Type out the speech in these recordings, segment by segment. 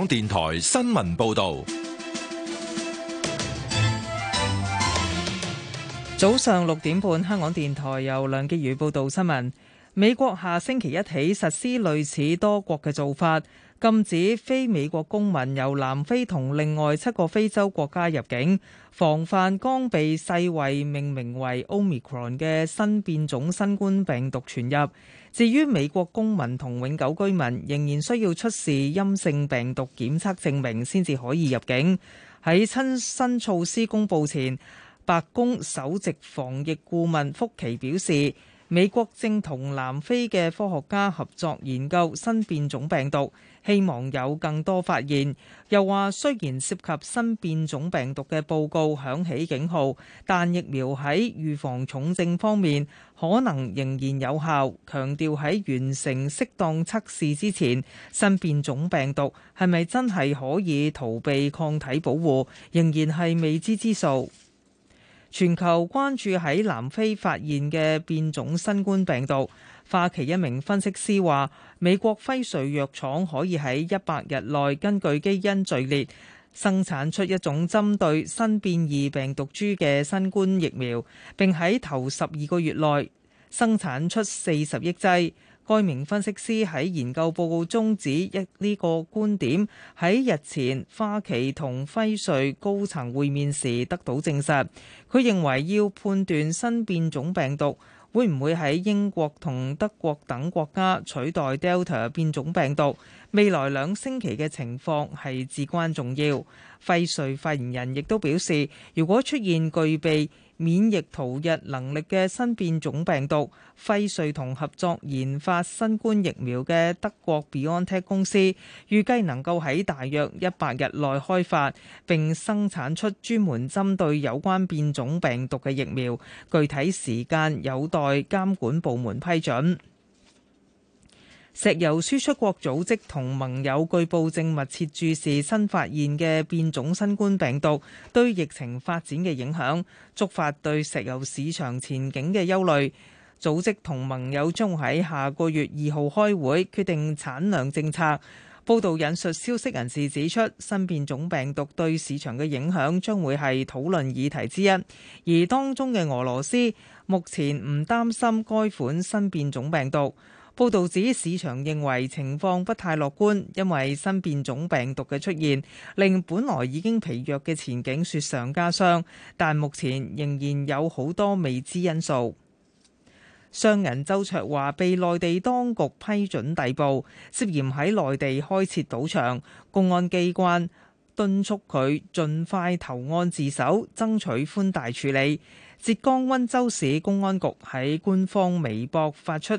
香港電台新聞報道：早上六點半，香港電台由梁潔宇報道新聞。美國下星期一起實施類似多國嘅做法，禁止非美國公民由南非同另外七個非洲國家入境，防範剛被世衛命名為 Omicron 嘅新變種新冠病毒傳入。至於美國公民同永久居民仍然需要出示陰性病毒檢測證明先至可以入境。喺新措施公佈前，白宮首席防疫顧問福奇表示。美國正同南非嘅科學家合作研究新變種病毒，希望有更多發現。又話雖然涉及新變種病毒嘅報告響起警號，但疫苗喺預防重症方面可能仍然有效。強調喺完成適當測試之前，新變種病毒係咪真係可以逃避抗體保護，仍然係未知之數。全球關注喺南非發現嘅變種新冠病毒。花旗一名分析師話：美國輝瑞藥廠可以喺一百日內根據基因序列生產出一種針對新變異病毒株嘅新冠疫苗，並喺頭十二個月內生產出四十億劑。該名分析師喺研究報告中指一呢個觀點喺日前花旗同輝瑞高層會面時得到證實。佢認為要判斷新變種病毒會唔會喺英國同德國等國家取代 Delta 變種病毒，未來兩星期嘅情況係至關重要。輝瑞發言人亦都表示，如果出現具備免疫逃逸能力嘅新變種病毒，輝瑞同合作研發新冠疫苗嘅德國 BioNTech 公司，預計能夠喺大約一百日內開發並生產出專門針對有關變種病毒嘅疫苗，具體時間有待監管部門批准。石油輸出國組織同盟友據報正密切注視新發現嘅變種新冠病毒對疫情發展嘅影響，觸發對石油市場前景嘅憂慮。組織同盟友將喺下個月二號開會決定產量政策。報道引述消息人士指出，新變種病毒對市場嘅影響將會係討論議題之一，而當中嘅俄羅斯目前唔擔心該款新變種病毒。報道指市場認為情況不太樂觀，因為新變種病毒嘅出現，令本來已經疲弱嘅前景雪上加霜。但目前仍然有好多未知因素。商人周焯華被內地當局批准逮捕，涉嫌喺內地開設賭場。公安機關敦促佢盡快投案自首，爭取寬大處理。浙江溫州市公安局喺官方微博發出。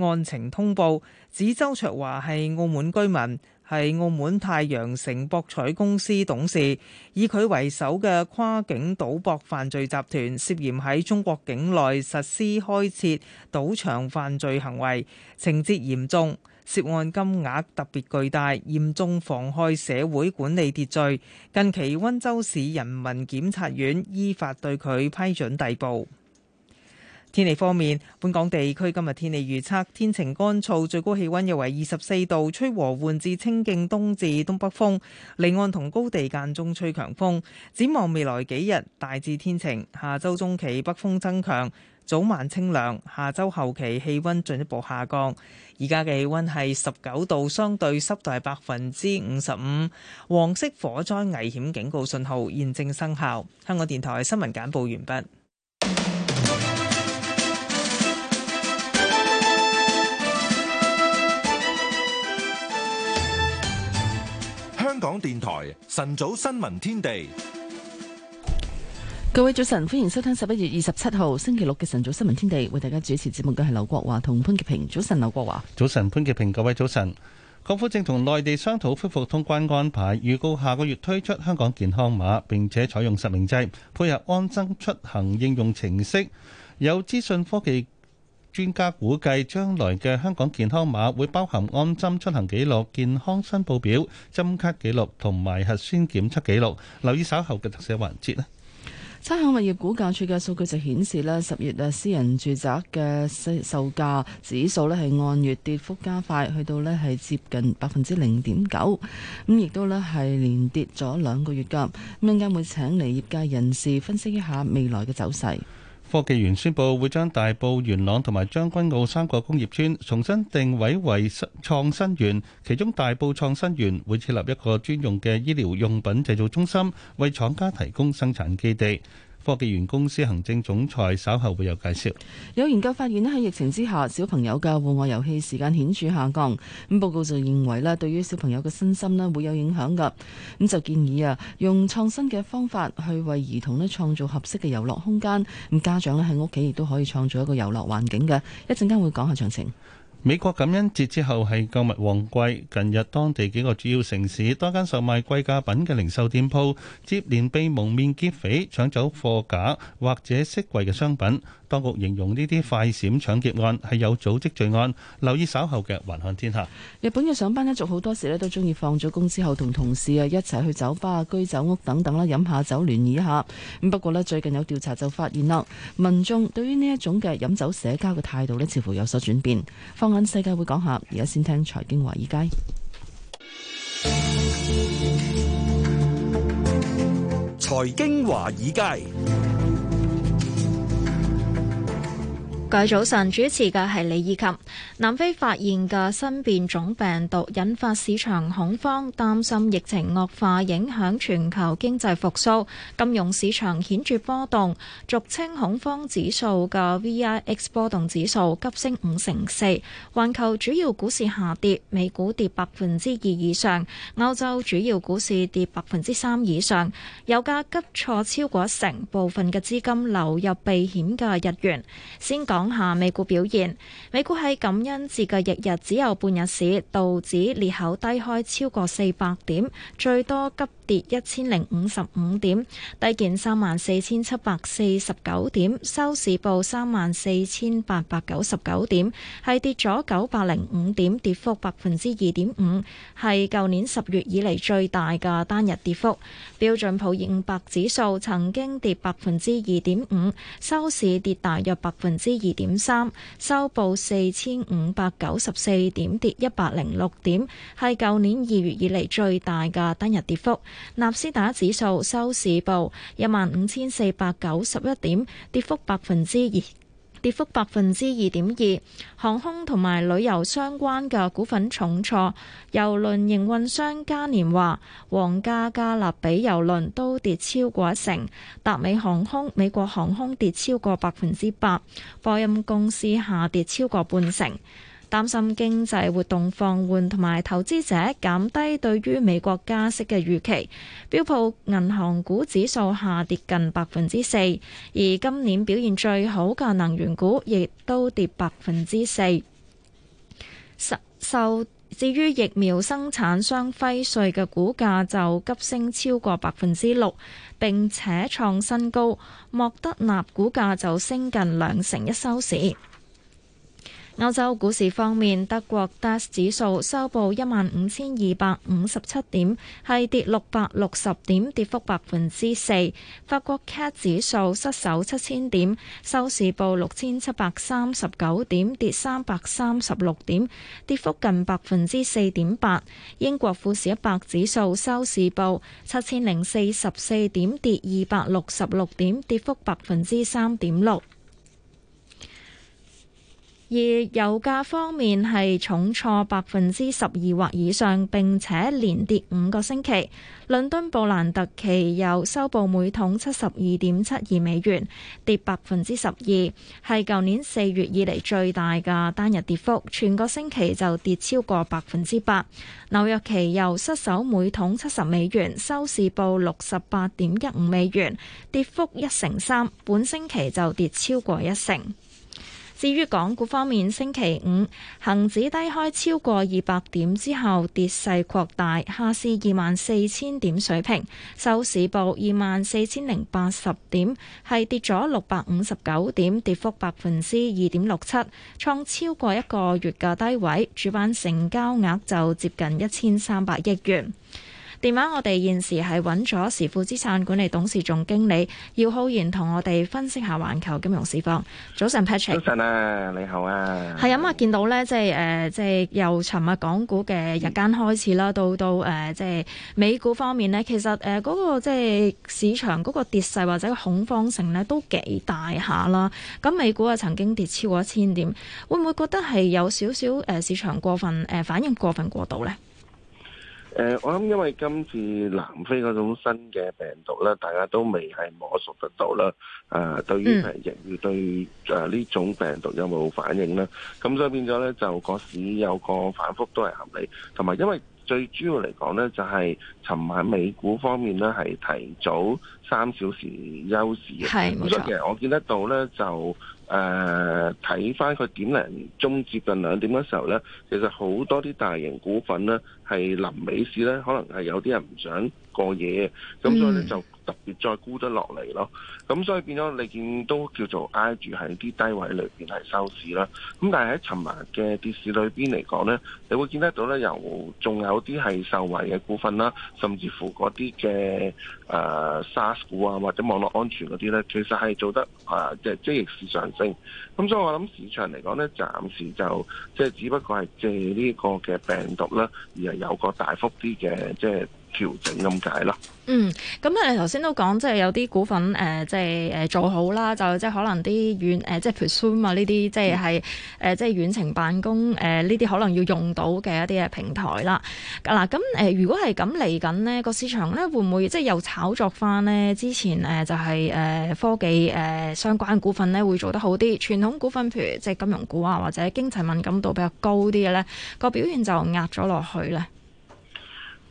案情通報指周卓華係澳門居民，係澳門太陽城博彩公司董事，以佢為首嘅跨境賭博犯罪集團涉嫌喺中國境內實施開設賭場犯罪行為，情節嚴重，涉案金額特別巨大，嚴重妨害社會管理秩序。近期溫州市人民檢察院依法對佢批准逮捕。天氣方面，本港地區今日天氣預測，天晴乾燥，最高氣温約為二十四度，吹和緩至清勁東至東北風，離岸同高地間中吹強風。展望未來幾日大致天晴，下周中期北風增強，早晚清涼，下周後期氣温進一步下降。而家嘅氣温係十九度，相對濕度係百分之五十五，黃色火災危險警告信號現正生效。香港電台新聞簡報完畢。港電台晨早新聞天地，各位早晨，歡迎收聽十一月二十七號星期六嘅晨早新聞天地，為大家主持節目嘅係劉國華同潘潔平。早晨，劉國華，早晨，潘潔平，各位早晨。港府正同內地商討恢復通關安排，預告下個月推出香港健康碼，並且採用實名制，配合安心出行應用程式，有資訊科技。專家估計將來嘅香港健康碼會包含安心出行記錄、健康申報表、針卡記錄同埋核酸檢測記錄。留意稍後嘅特寫環節啦。差餉物業估價處嘅數據就顯示咧，十月啊私人住宅嘅售價指數咧係按月跌幅加快，去到咧係接近百分之零點九，咁亦都咧係連跌咗兩個月㗎。咁一陣間會請嚟業界人士分析一下未來嘅走勢。科技園宣布，會將大埔元朗、同埋將軍澳三個工業村重新定位為新創新園，其中大埔創新園會設立一個專用嘅醫療用品製造中心，為廠家提供生產基地。科技園公司行政總裁稍後會有介紹。有研究發現咧喺疫情之下，小朋友嘅戶外遊戲時間顯著下降。咁報告就認為咧，對於小朋友嘅身心咧會有影響嘅。咁就建議啊，用創新嘅方法去為兒童咧創造合適嘅遊樂空間。咁家長咧喺屋企亦都可以創造一個遊樂環境嘅。會會一陣間會講下詳情。美國感恩節之後係購物旺季，近日當地幾個主要城市多間售賣貴價品嘅零售店鋪接連被蒙面劫匪搶走貨架或者飾櫃嘅商品。當局形容呢啲快閃搶劫案係有組織罪案。留意稍後嘅環看天下。日本嘅上班一族好多時咧都中意，放咗工之後同同事啊一齊去酒吧、居酒屋等等啦，飲下酒、聯誼一下。咁不過咧最近有調查就發現啦，民眾對於呢一種嘅飲酒社交嘅態度咧似乎有所轉變。放眼世界會講下，而家先聽財經華爾街。財經華爾街。早晨主持嘅係李以琴。南非發現嘅新變種病毒引發市場恐慌，擔心疫情惡化影響全球經濟復甦，金融市場顯著波動，俗稱恐慌指數嘅 VIX 波動指數急升五成四，環球主要股市下跌，美股跌百分之二以上，歐洲主要股市跌百分之三以上，油價急挫超過一成，部分嘅資金流入避險嘅日元。先講。講下美股表現，美股喺感恩節嘅翌日只有半日市，道指裂口低開超過四百點，最多急。跌一千零五十五點，低見三萬四千七百四十九點，收市報三萬四千八百九十九點，係跌咗九百零五點，跌幅百分之二點五，係舊年十月以嚟最大嘅單日跌幅。標準普爾五百指數曾經跌百分之二點五，收市跌大約百分之二點三，收報四千五百九十四點，跌一百零六點，係舊年二月以嚟最大嘅單日跌幅。納斯達指數收市報一萬五千四百九十一點，跌幅百分之二，跌幅百分之二點二。航空同埋旅遊相關嘅股份重挫，郵輪營運商嘉年華、皇家加勒比郵輪都跌超過一成。達美航空、美國航空跌超過百分之八，貨運公司下跌超過半成。擔心經濟活動放緩同埋投資者減低對於美國加息嘅預期，標普銀行股指數下跌近百分之四，而今年表現最好嘅能源股亦都跌百分之四。受至於疫苗生產商輝瑞嘅股價就急升超過百分之六，並且創新高。莫德納股價就升近兩成一收市。歐洲股市方面，德國 DAX 指數收報一萬五千二百五十七點，係跌六百六十點，跌幅百分之四。法國 CAC 指數失守七千點，收市報六千七百三十九點，跌三百三十六點，跌幅近百分之四點八。英國富時一百指數收市報七千零四十四點，跌二百六十六點，跌幅百分之三點六。而油價方面係重挫百分之十二或以上，並且連跌五個星期。倫敦布蘭特期油收報每桶七十二點七二美元，跌百分之十二，係舊年四月以嚟最大嘅單日跌幅。全個星期就跌超過百分之八。紐約期油失守每桶七十美元，收市報六十八點一五美元，跌幅一成三。本星期就跌超過一成。至於港股方面，星期五恒指低開超過二百點之後，跌勢擴大，下試二萬四千點水平，收市報二萬四千零八十點，係跌咗六百五十九點，跌幅百分之二點六七，創超過一個月嘅低位。主板成交額就接近一千三百億元。電話，我哋現時係揾咗時富資產管理董事總經理姚浩然，同我哋分析下環球金融市況。早晨，Patrick。早晨啊，你好啊。係啊，咁啊，見到呢，即係誒，即、呃、係由尋日港股嘅日間開始啦，到到誒，即、呃、係、就是、美股方面呢，其實誒嗰、呃那個即係、就是、市場嗰個跌勢或者恐慌性呢都幾大下啦。咁美股啊曾經跌超過一千點，會唔會覺得係有少少誒市場過分誒反應過分過度呢？誒、呃，我諗，因為今次南非嗰種新嘅病毒咧，大家都未係摸索得到啦。誒、呃，對於誒、疫、嗯、對誒呢、呃、種病毒有冇反應咧？咁所以變咗咧，就個市有個反覆都係合理。同埋，因為最主要嚟講咧，就係、是、尋晚美股方面咧係提早三小時休市，咁所以其實我見得到咧就。誒睇翻佢點零鐘接近兩點嘅時候咧，其實好多啲大型股份咧係臨尾市咧，可能係有啲人唔想過夜嘅，咁所以咧就。特別再沽得落嚟咯，咁所以變咗你見都叫做挨住喺啲低位裏邊係收市啦。咁但係喺尋日嘅跌市裏邊嚟講咧，你會見得到咧，由仲有啲係受惠嘅股份啦，甚至乎嗰啲嘅誒 SaaS 股啊，或者網絡安全嗰啲咧，其實係做得誒、呃、即係即逆市上升。咁所以我諗市場嚟講咧，暫時就即係只不過係借呢個嘅病毒啦，而係有個大幅啲嘅即係。調整咁就係啦。嗯，咁啊，你頭先都講，即係有啲股份誒、呃，即係誒做好啦，就即係可能啲遠誒、呃，即係譬如 Zoom 啊呢啲，即係係誒，即係遠程辦公誒呢啲，呃、可能要用到嘅一啲嘅平台啦。嗱、啊，咁誒、呃，如果係咁嚟緊呢個市場咧會唔會即係又炒作返呢？之前誒就係、是、誒、呃、科技誒、呃、相關股份咧會做得好啲，傳統股份譬如即係金融股啊，或者經濟敏感度比較高啲嘅咧，個表現就壓咗落去咧。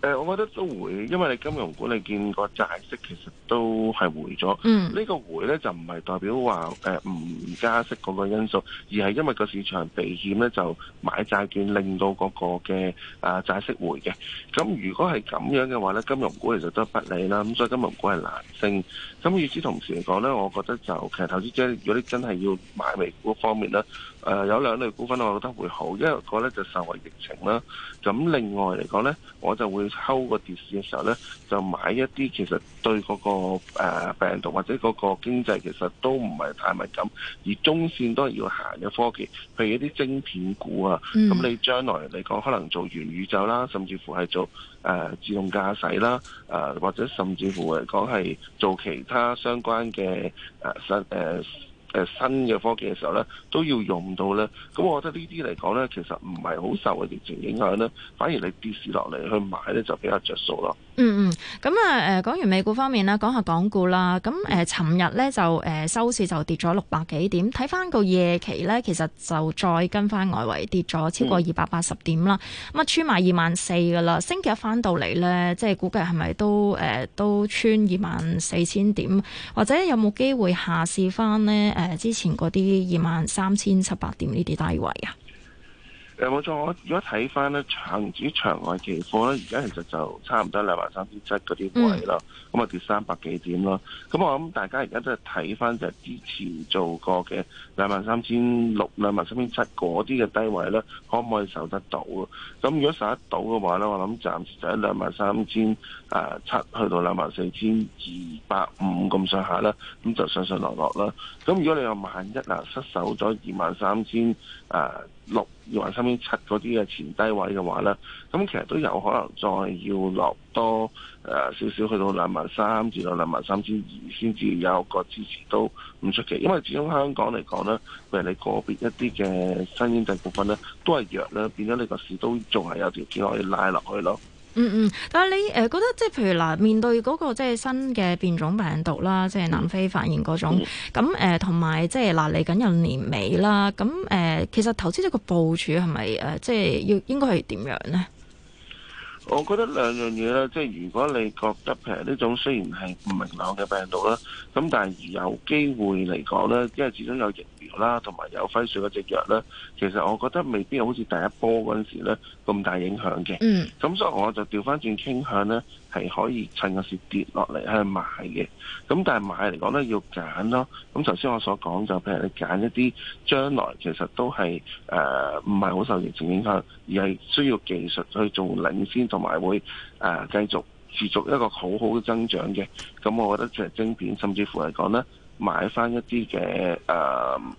誒，我覺得都會，因為你金融股你見個債息其實都係回咗。嗯，呢個回咧就唔係代表話誒唔加息嗰個因素，而係因為個市場避險咧就買債券，令到嗰個嘅啊債息回嘅。咁如果係咁樣嘅話咧，金融股其實都不利啦。咁所以金融股係難升。咁與此同時嚟講咧，我覺得就其實投資者，如果你真係要買美股方面咧，誒有兩類股份我覺得會好，一個咧就受惠疫情啦。咁另外嚟講咧，我就會睺個跌市嘅時候咧，就買一啲其實對嗰個誒病毒或者嗰個經濟其實都唔係太敏感，而中線都係要行嘅科技，譬如一啲晶片股啊。咁、嗯、你將來嚟講，可能做元宇宙啦，甚至乎係做。誒自動駕駛啦，誒或者甚至乎嚟講係做其他相關嘅誒、啊啊啊啊、新誒誒新嘅科技嘅時候咧，都要用到咧。咁我覺得呢啲嚟講咧，其實唔係好受嘅疫情影響咧，反而你跌市落嚟去買咧，就比較着數咯。嗯嗯，咁、嗯、啊，誒，講完美股方面啦，講下港股啦。咁、呃、誒，尋日咧就誒、呃，收市就跌咗六百幾點。睇翻個夜期咧，其實就再跟翻外圍跌咗超過二百八十點啦。咁啊、嗯，穿埋二萬四噶啦。星期一翻到嚟咧，即係估計係咪都誒、呃、都穿二萬四千點，或者有冇機會下試翻呢？誒、呃，之前嗰啲二萬三千七百點呢啲低位啊？誒冇錯，我如果睇翻咧，恆指場外期貨咧，而家其實就差唔多兩萬三千七嗰啲位啦，咁啊、mm. 跌三百幾點咯。咁我諗大家而家都係睇翻就係之前做過嘅兩萬三千六、兩萬三千七嗰啲嘅低位咧，可唔可以守得到啊？咁如果守得到嘅話咧，我諗暫時就喺兩萬三千誒七去到兩萬四千二百五咁上下啦，咁就上上落落啦。咁如果你話萬一啊失守咗二萬三千誒，六二萬三千七嗰啲嘅前低位嘅話咧，咁其實都有可能再要落多誒、呃、少少去到兩萬三至到兩萬三千二先至有個支持都唔出奇，因為始終香港嚟講咧，譬如你個別一啲嘅新經濟股份咧都係弱咧，變咗你個市都仲係有條件可以拉落去咯。嗯嗯，但係你誒、呃、覺得即係譬如嗱，面對嗰、那個即係新嘅變種病毒啦，即係南非發現嗰種咁誒，同埋、嗯呃、即係嗱，嚟緊又年尾啦，咁誒、呃，其實投資者個部署係咪誒，即係要應該係點樣呢？我覺得兩樣嘢啦，即係如果你覺得譬如呢種雖然係唔明朗嘅病毒啦，咁但係有機會嚟講咧，因為始終有疫。啦，同埋有輝瑞嗰隻藥咧，其實我覺得未必好似第一波嗰陣時咧咁大影響嘅。嗯，咁所以我就調翻轉傾向咧，係可以趁個市跌落嚟去買嘅。咁但係買嚟講咧要揀咯。咁頭先我所講就譬如你揀一啲將來其實都係誒唔係好受疫情影響，而係需要技術去做領先，同埋會誒、呃、繼續持續一個好好嘅增長嘅。咁我覺得就係晶片，甚至乎嚟講咧。買翻一啲嘅誒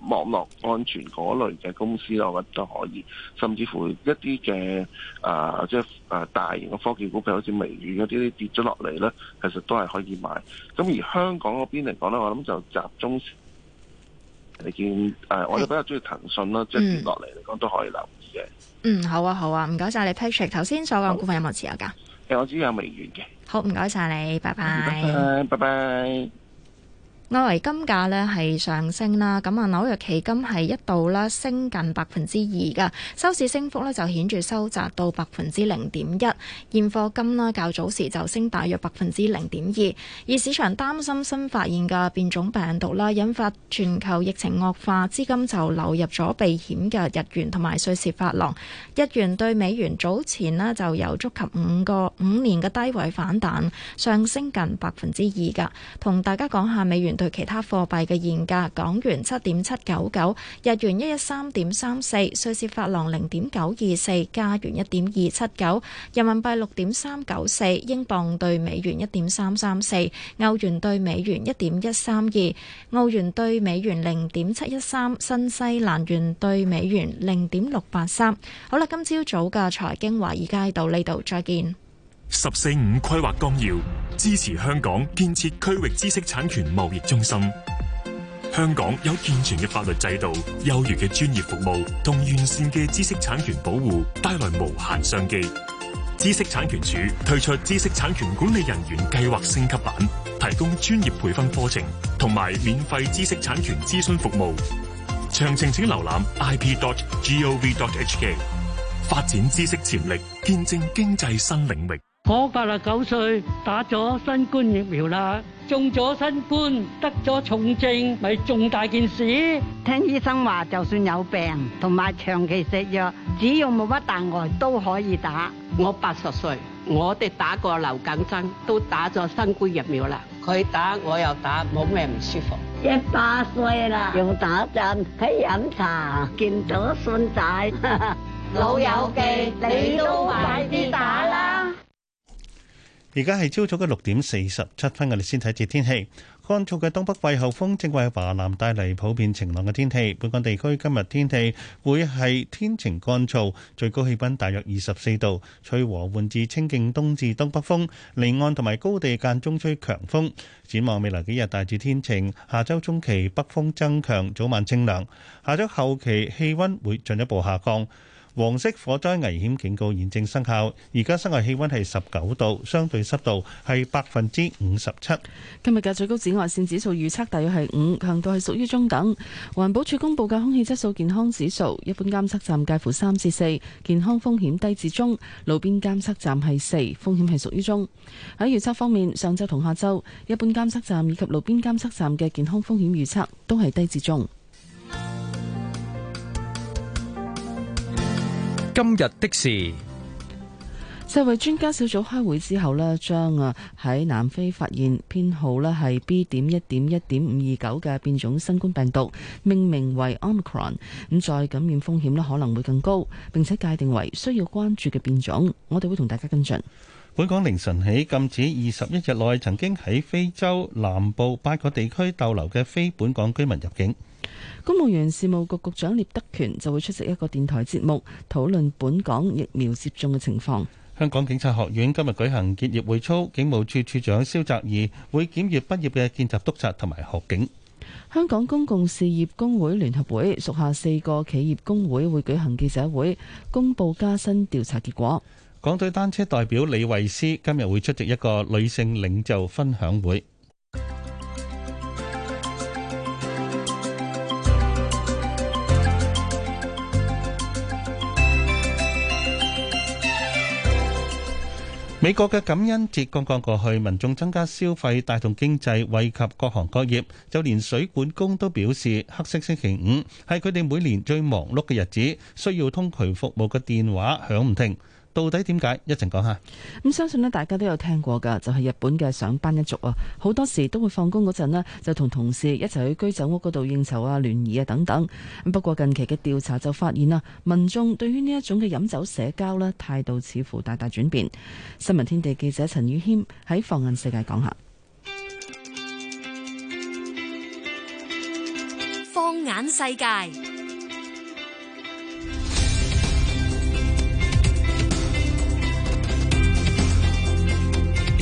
網絡安全嗰類嘅公司咯，我覺得都可以。甚至乎一啲嘅誒即係誒大型嘅科技股票，好似微軟嗰啲跌咗落嚟咧，其實都係可以買。咁而香港嗰邊嚟講咧，我諗就集中你見誒、哎，我哋比較中意騰訊啦，嗯、即係跌落嚟嚟講都可以留意嘅。嗯，好啊，好啊，唔該晒。你 Patrick，頭先所講股份有冇持有㗎？誒、欸，我知有微軟嘅。好，唔該晒你，拜拜，拜拜。拜拜。外圍金價呢係上升啦，咁啊紐約期金係一度啦升近百分之二嘅，收市升幅呢就顯著收窄到百分之零點一。現貨金呢較早時就升大約百分之零點二，而市場擔心新發現嘅變種病毒啦，引發全球疫情惡化，資金就流入咗避險嘅日元同埋瑞士法郎。日元對美元早前呢就有觸及五個五年嘅低位反彈，上升近百分之二嘅。同大家講下美元對對其他貨幣嘅現價：港元七點七九九，日元一一三點三四，瑞士法郎零點九二四，加元一點二七九，人民幣六點三九四，英鎊兌美元一點三三四，歐元兌美元一點一三二，澳元兌美元零點七一三，新西蘭元兌美元零點六八三。好啦，今朝早嘅財經華爾街到呢度，再見。十四五規劃綱要支持香港建設區域知識產權貿易中心。香港有健全嘅法律制度、優越嘅專業服務同完善嘅知識產權保護，帶來無限商機。知識產權署推出知識產權管理人員計劃升級版，提供專業培訓課程同埋免費知識產權諮詢服務。詳情請瀏覽 ip.gov.hk。發展知識潛力，見證經濟新領域。我八十九歲，打咗新冠疫苗啦，中咗新冠，得咗重症，咪重大件事？聽醫生話，就算有病同埋長期食藥，只要冇乜大礙都可以打。我八十歲，我哋打過流感針，都打咗新冠疫苗啦。佢打我又打，冇咩唔舒服。一百歲啦，用打針，喺飲茶見到信仔，哈哈老友記，你都快啲打啦。而家係朝早嘅六點四十七分，我哋先睇一節天氣。乾燥嘅東北季候風正為華南帶嚟普遍晴朗嘅天氣，本港地區今日天氣會係天晴乾燥，最高氣溫大約二十四度，吹和緩至清勁東至東北風，離岸同埋高地間中吹強風，展望未來幾日大致天晴，下周中期北風增強，早晚清涼，下周後期氣溫會進一步下降。黃色火災危險警告現正生效。而家室外氣溫係十九度，相對濕度係百分之五十七。今日嘅最高紫外線指數預測大約係五，強度係屬於中等。環保署公布嘅空氣質素健康指數，一般監測站介乎三至四，健康風險低至中；路邊監測站係四，風險係屬於中。喺預測方面，上周同下周，一般監測站以及路邊監測站嘅健康風險預測都係低至中。今日的事，世衛專家小組開會之後咧，將啊喺南非發現編號咧係 B 點一點一點五二九嘅變種新冠病毒，命名為 Omicron，咁再感染風險咧可能會更高，並且界定為需要關注嘅變種。我哋會同大家跟進。本港凌晨起禁止二十一日內曾經喺非洲南部八個地區逗留嘅非本港居民入境。公務員事務局局長聶德權就會出席一個電台節目，討論本港疫苗接種嘅情況。香港警察學院今日舉行結業會操，警務處處長蕭澤頤會檢閱畢業嘅見習督察同埋學警。香港公共事業工會聯合會屬下四個企業工會會舉行記者會，公布加薪調查結果。港隊單車代表李慧詩今日會出席一個女性領袖分享會。美國嘅感恩節剛剛過去，民眾增加消費，帶動經濟，惠及各行各業。就連水管工都表示，黑色星期五係佢哋每年最忙碌嘅日子，需要通渠服務嘅電話響唔停。到底點解？一陣講下。咁相信咧，大家都有聽過噶，就係日本嘅上班一族啊，好多時都會放工嗰陣呢，就同同事一齊去居酒屋嗰度應酬啊、聯誼啊等等。咁不過近期嘅調查就發現啦，民眾對於呢一種嘅飲酒社交呢態度似乎大大轉變。新聞天地記者陳宇謙喺放眼世界講下，放眼世界。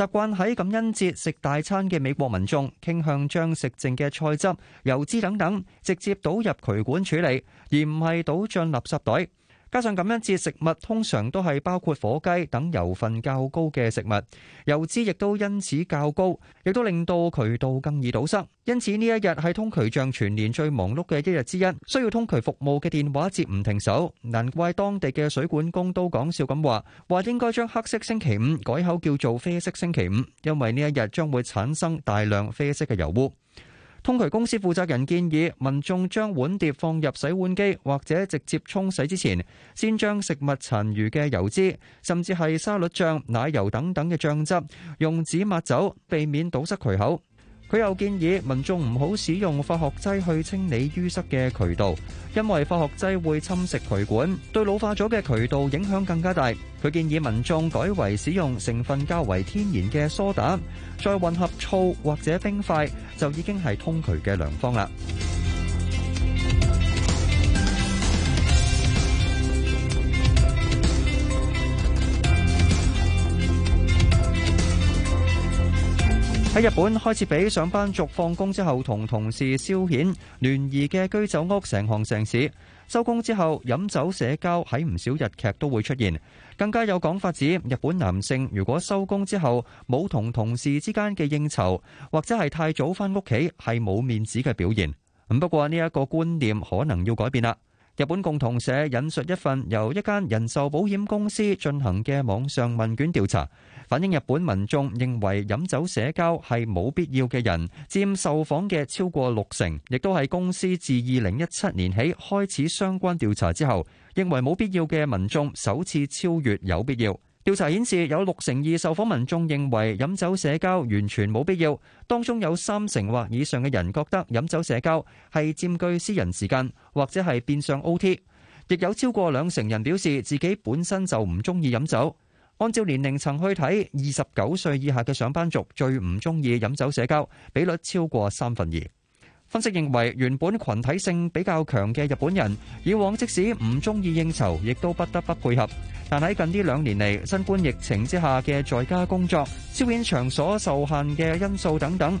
習慣喺感恩節食大餐嘅美國民眾，傾向將食剩嘅菜汁、油脂等等，直接倒入渠管處理，而唔係倒進垃圾袋。加上咁樣節食物通常都係包括火雞等油份較高嘅食物，油脂亦都因此較高，亦都令到渠道更易堵塞。因此呢一日係通渠像全年最忙碌嘅一日之一，需要通渠服務嘅電話接唔停手。難怪當地嘅水管工都講笑咁話：話應該將黑色星期五改口叫做啡色星期五，因為呢一日將會產生大量啡色嘅油污。通渠公司負責人建議民眾將碗碟放入洗碗機或者直接沖洗之前，先將食物殘餘嘅油脂，甚至係沙律醬、奶油等等嘅醬汁，用紙抹走，避免堵塞渠口。佢又建議民眾唔好使用化學劑去清理淤塞嘅渠道，因為化學劑會侵蝕渠管，對老化咗嘅渠道影響更加大。佢建議民眾改為使用成分較為天然嘅梳打，再混合醋或者冰塊，就已經係通渠嘅良方啦。喺日本開始俾上班族放工之後同同事消遣聯誼嘅居酒屋成行成市，收工之後飲酒社交喺唔少日劇都會出現。更加有講法指，日本男性如果收工之後冇同同事之間嘅應酬，或者係太早返屋企，係冇面子嘅表現。咁不過呢一個觀念可能要改變啦。日本共同社引述一份由一間人壽保險公司進行嘅網上問卷調查。反映日本民眾認為飲酒社交係冇必要嘅人，佔受訪嘅超過六成，亦都係公司自二零一七年起開始相關調查之後，認為冇必要嘅民眾首次超越有必要。調查顯示，有六成二受訪民眾認為飲酒社交完全冇必要，當中有三成或以上嘅人覺得飲酒社交係佔據私人時間，或者係變相 OT，亦有超過兩成人表示自己本身就唔鍾意飲酒。按照年齡層去睇，二十九歲以下嘅上班族最唔中意飲酒社交，比率超過三分二。分析認為，原本羣體性比較強嘅日本人，以往即使唔中意應酬，亦都不得不配合。但喺近呢兩年嚟，新冠疫情之下嘅在家工作、消遣場所受限嘅因素等等。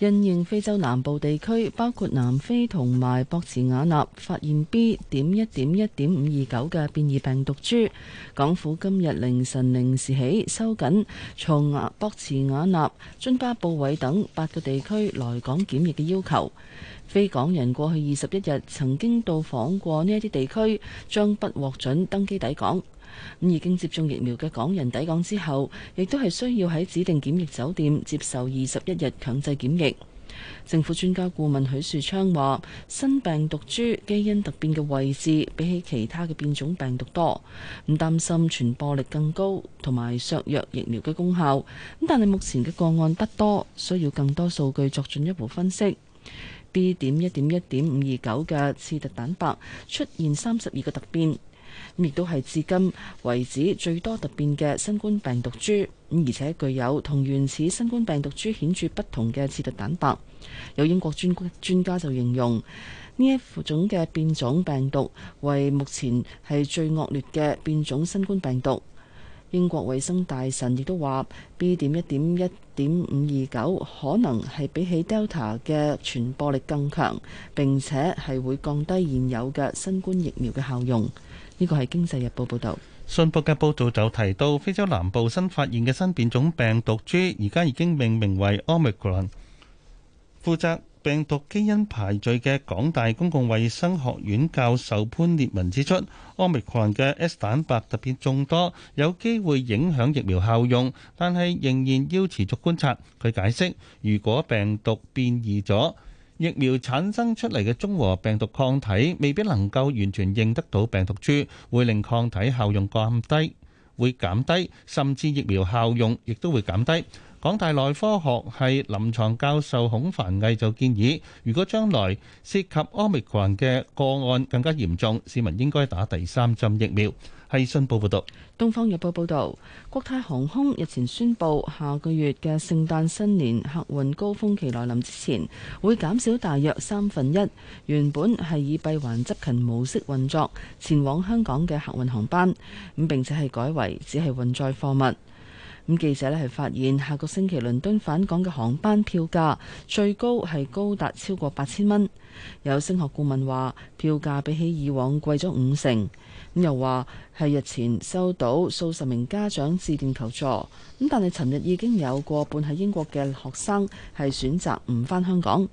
因應非洲南部地區，包括南非同埋博茨瓦納，發現 B. 點一點一點五二九嘅變異病毒株，港府今日凌晨零時起收緊從博茨瓦納、津巴布韋等八個地區來港檢疫嘅要求。非港人過去二十一日曾經到訪過呢一啲地區，將不獲准登機抵港。咁已經接種疫苗嘅港人抵港之後，亦都係需要喺指定檢疫酒店接受二十一日強制檢疫。政府專家顧問許樹昌話：新病毒株基因突變嘅位置比起其他嘅變種病毒多，唔擔心傳播力更高同埋削弱疫苗嘅功效。咁但係目前嘅個案不多，需要更多數據作進一步分析。B. 點一點一點五二九嘅刺突蛋白出現三十二個突變。亦都係至今為止最多突變嘅新冠病毒株，而且具有同原始新冠病毒株顯著不同嘅刺突蛋白。有英國專專家就形容呢一種嘅變種病毒為目前係最惡劣嘅變種新冠病毒。英國衛生大臣亦都話，B. 點一點一點五二九可能係比起 Delta 嘅傳播力更強，並且係會降低現有嘅新冠疫苗嘅效用。呢個係《經濟日報》報導，信報嘅報導就提到非洲南部新發現嘅新變種病毒株，而家已經命名為 Omicron。負責病毒基因排序嘅港大公共衛生學院教授潘烈文指出，Omicron 嘅 S 蛋白特別眾多，有機會影響疫苗效用，但係仍然要持續觀察。佢解釋，如果病毒變異咗，疫苗產生出嚟嘅中和病毒抗體未必能夠完全認得到病毒株，會令抗體效用降低，會減低，甚至疫苗效用亦都會減低。港大內科學系臨床教授孔凡毅就建議，如果將來涉及奧密克戎嘅個案更加嚴重，市民應該打第三針疫苗。係《信報》報道，《東方日報》報道，國泰航空日前宣佈，下個月嘅聖誕新年客運高峰期來臨之前，會減少大約三分一原本係以閉環執勤模式運作前往香港嘅客運航班，咁並且係改為只係運載貨物。咁記者呢係發現，下個星期倫敦返港嘅航班票價最高係高達超過八千蚊。有升學顧問話，票價比起以往貴咗五成。咁又話係日前收到數十名家長致電求助，咁但係，尋日已經有過半喺英國嘅學生係選擇唔返香港。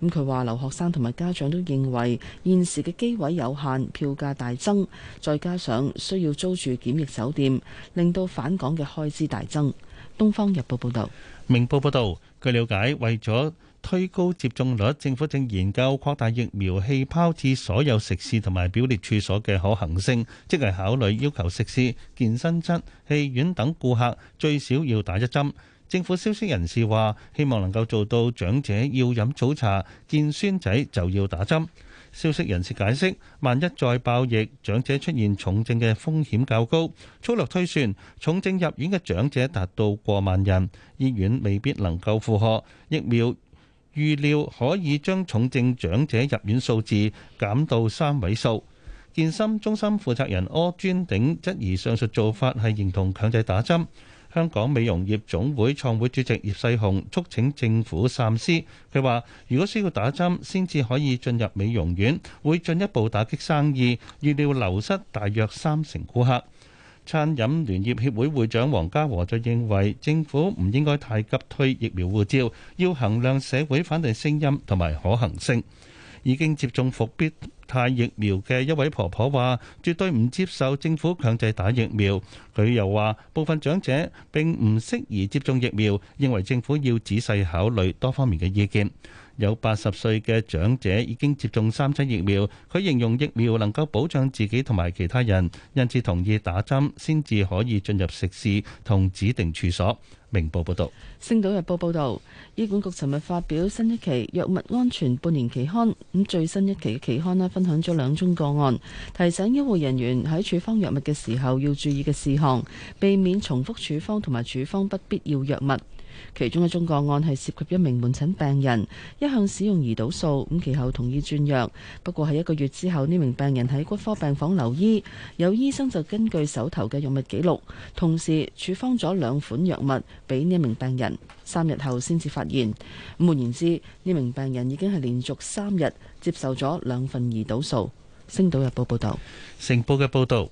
咁佢話，留學生同埋家長都認為現時嘅機位有限，票價大增，再加上需要租住檢疫酒店，令到返港嘅開支大增。《東方日報》報道，《明報》報道，據了解，為咗推高接種率，政府正研究擴大疫苗氣泡至所有食肆同埋表列處所嘅可行性，即係考慮要求食肆、健身室、戲院等顧客最少要打一針，政府消息人士話希望能夠做到長者要飲早茶、見孫仔就要打針，消息人士解釋萬一再爆疫，長者出現重症嘅風險較高。粗略推算，重症入院嘅長者達到過萬人，醫院未必能夠負荷疫苗。預料可以將重症長者入院數字減到三位數。健身中心負責人柯尊鼎質疑上述做法係認同強制打針。香港美容業總會創會主席葉世雄促請政府三思。佢話：如果需要打針，先至可以進入美容院，會進一步打擊生意，預料流失大約三成顧客。餐飲聯業協會會長黃家和就認為，政府唔應該太急推疫苗護照，要衡量社會反對聲音同埋可行性。已經接種復必泰疫苗嘅一位婆婆話，絕對唔接受政府強制打疫苗。佢又話，部分長者並唔適宜接種疫苗，認為政府要仔細考慮多方面嘅意見。有八十歲嘅長者已經接種三針疫苗，佢形容疫苗能夠保障自己同埋其他人，因此同意打針先至可以進入食肆同指定處所。明報報道，《星島日報》報道，醫管局尋日發表新一期藥物安全半年期刊，咁最新一期期刊呢，分享咗兩宗個案，提醒醫護人員喺處方藥物嘅時候要注意嘅事項，避免重複處方同埋處方不必要藥物。其中一宗個案係涉及一名門診病人，一向使用胰島素，咁其後同意轉藥，不過喺一個月之後，呢名病人喺骨科病房留醫，有醫生就根據手頭嘅藥物記錄，同時處方咗兩款藥物俾呢一名病人，三日後先至發現。換言之，呢名病人已經係連續三日接受咗兩份胰島素。星島日報報道。成報嘅報導。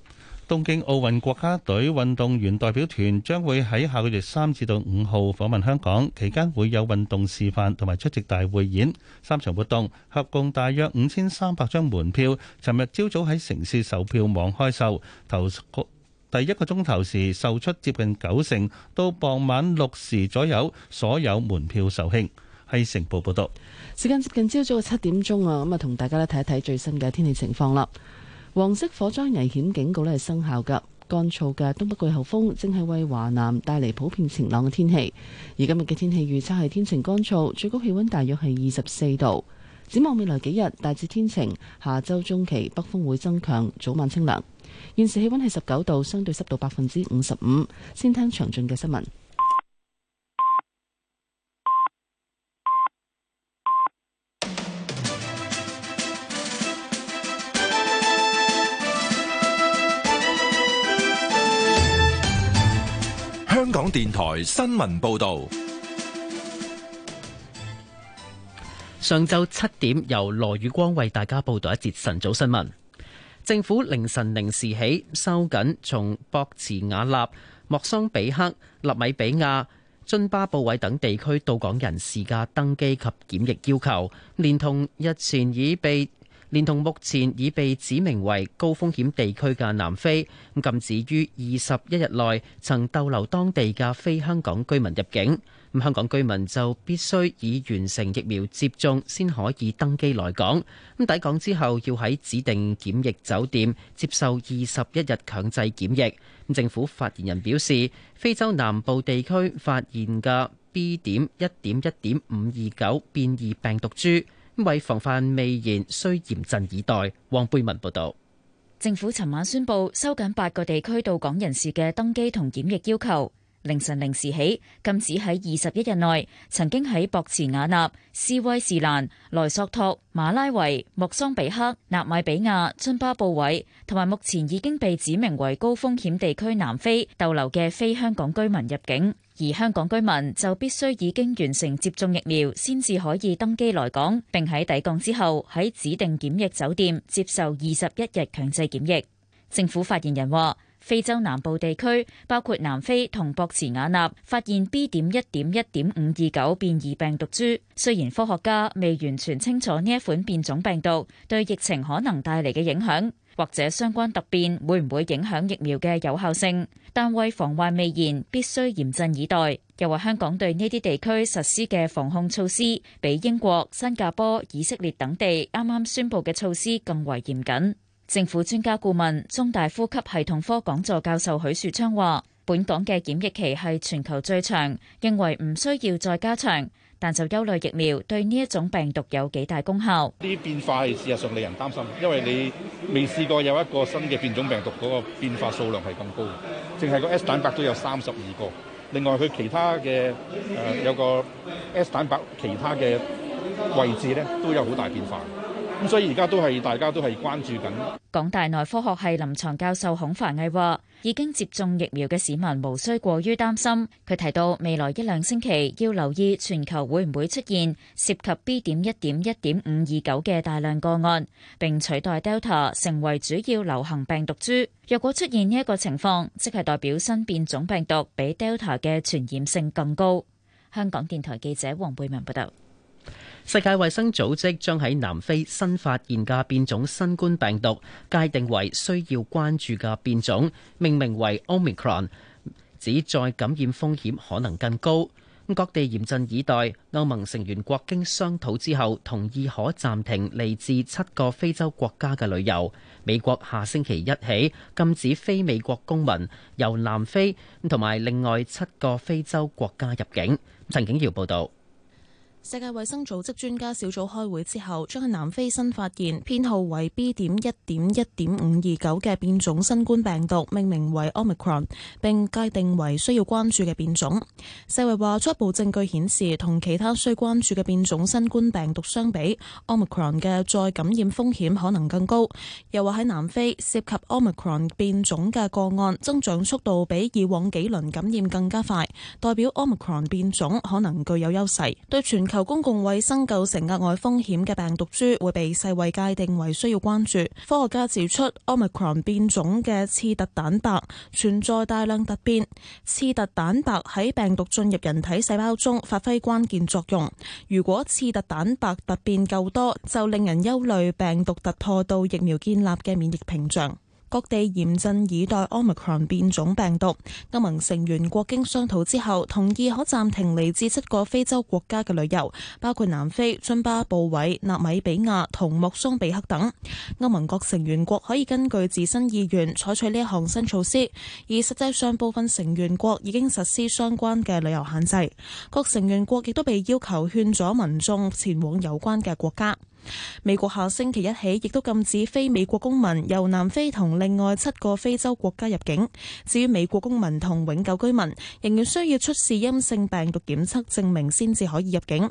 東京奧運國家隊運動員代表團將會喺下個月三至到五號訪問香港，期間會有運動示範同埋出席大會演。三場活動，合共大約五千三百張門票，尋日朝早喺城市售票網開售，頭第一個鐘頭時售出接近九成，到傍晚六時左右，所有門票售罄。係城報報道，時間接近朝早七點鐘啊，咁啊同大家咧睇一睇最新嘅天氣情況啦。黃色火災危險警告咧係生效噶乾燥嘅東北季候風正係為華南帶嚟普遍晴朗嘅天氣。而今日嘅天氣預測係天晴乾燥，最高氣溫大約係二十四度。展望未來幾日，大致天晴。下周中期北風會增強，早晚清涼。現時氣溫係十九度，相對濕度百分之五十五。先聽詳盡嘅新聞。香港電台新聞報道，上晝七點由羅宇光為大家報道一節晨早新聞。政府凌晨零時起收緊從博茨瓦納、莫桑比克、納米比亞、津巴布韋等地區到港人士嘅登機及檢疫要求，連同日前已被連同目前已被指明為高風險地區嘅南非，禁止於二十一日內曾逗留當地嘅非香港居民入境。咁香港居民就必須已完成疫苗接種先可以登機來港。咁抵港之後要喺指定檢疫酒店接受二十一日強制檢疫。咁政府發言人表示，非洲南部地區發現嘅 B 點一點一點五二九變異病毒株。因為防範未然，需嚴陣以待。黃貝文報道，政府尋晚宣佈收緊八個地區到港人士嘅登機同檢疫要求。凌晨零時起，禁止喺二十一日內曾經喺博茨瓦納、斯威士蘭、萊索托、馬拉維、莫桑比克、納米比亞、津巴布韋同埋目前已經被指明為高風險地區南非逗留嘅非香港居民入境。而香港居民就必須已經完成接種疫苗，先至可以登機來港。並喺抵港之後喺指定檢疫酒店接受二十一日強制檢疫。政府發言人話非洲南部地區，包括南非同博茨瓦納發現 B 點一點一點五二九變異病毒株。雖然科學家未完全清楚呢一款變種病毒對疫情可能帶嚟嘅影響。或者相關突變會唔會影響疫苗嘅有效性？但為防患未然，必須嚴陣以待。又話香港對呢啲地區實施嘅防控措施，比英國、新加坡、以色列等地啱啱宣布嘅措施更為嚴謹。政府專家顧問、中大呼吸系統科講座教授許樹昌話，本港嘅檢疫期係全球最長，認為唔需要再加長。但就憂慮疫苗對呢一種病毒有幾大功效？呢啲變化係事實上令人擔心，因為你未試過有一個新嘅變種病毒嗰個變化數量係咁高，淨係個 S 蛋白都有三十二個，另外佢其他嘅誒有個 S 蛋白其他嘅位置咧都有好大變化，咁所以而家都係大家都係關注緊。港大內科學系臨牀教授孔凡毅話。已經接種疫苗嘅市民無需過於擔心。佢提到未來一兩星期要留意全球會唔會出現涉及 B. 點一點一點五二九嘅大量個案，並取代 Delta 成為主要流行病毒株。若果出現呢一個情況，即係代表新變種病毒比 Delta 嘅傳染性更高。香港電台記者黃貝文報道。世界衛生組織將喺南非新發現嘅變種新冠病毒界定為需要關注嘅變種，命名為 Omicron，指再感染風險可能更高。各地嚴陣以待。歐盟成員國經商討之後，同意可暫停嚟自七個非洲國家嘅旅遊。美國下星期一起禁止非美國公民由南非同埋另外七個非洲國家入境。陳景耀報道。世界衛生組織專家小組開會之後，將喺南非新發現編號為 B. 點一點一點五二九嘅變種新冠病毒，命名為 Omicron，並界定為需要關注嘅變種。世衞話，初步證據顯示，同其他需關注嘅變種新冠病毒相比，Omicron 嘅再感染風險可能更高。又話喺南非涉及 Omicron 變種嘅個案增長速度比以往幾輪感染更加快，代表 Omicron 變種可能具有優勢，對全球。由公共衛生構成額外風險嘅病毒株會被世衛界定為需要關注。科學家指出，Omicron 變種嘅刺突蛋白存在大量突變。刺突蛋白喺病毒進入人體細胞中發揮關鍵作用。如果刺突蛋白突變夠多，就令人憂慮病毒突破到疫苗建立嘅免疫屏障。各地嚴陣以待 Omicron 變種病毒。歐盟成員國經商討之後，同意可暫停嚟自七個非洲國家嘅旅遊，包括南非、津巴布韋、納米比亞同莫桑比克等。歐盟各成員國可以根據自身意願採取呢項新措施，而實際上部分成員國已經實施相關嘅旅遊限制。各成員國亦都被要求勸阻民眾前往有關嘅國家。美國下星期一起亦都禁止非美國公民由南非同另外七個非洲國家入境。至於美國公民同永久居民仍然需要出示陰性病毒檢測證明，先至可以入境。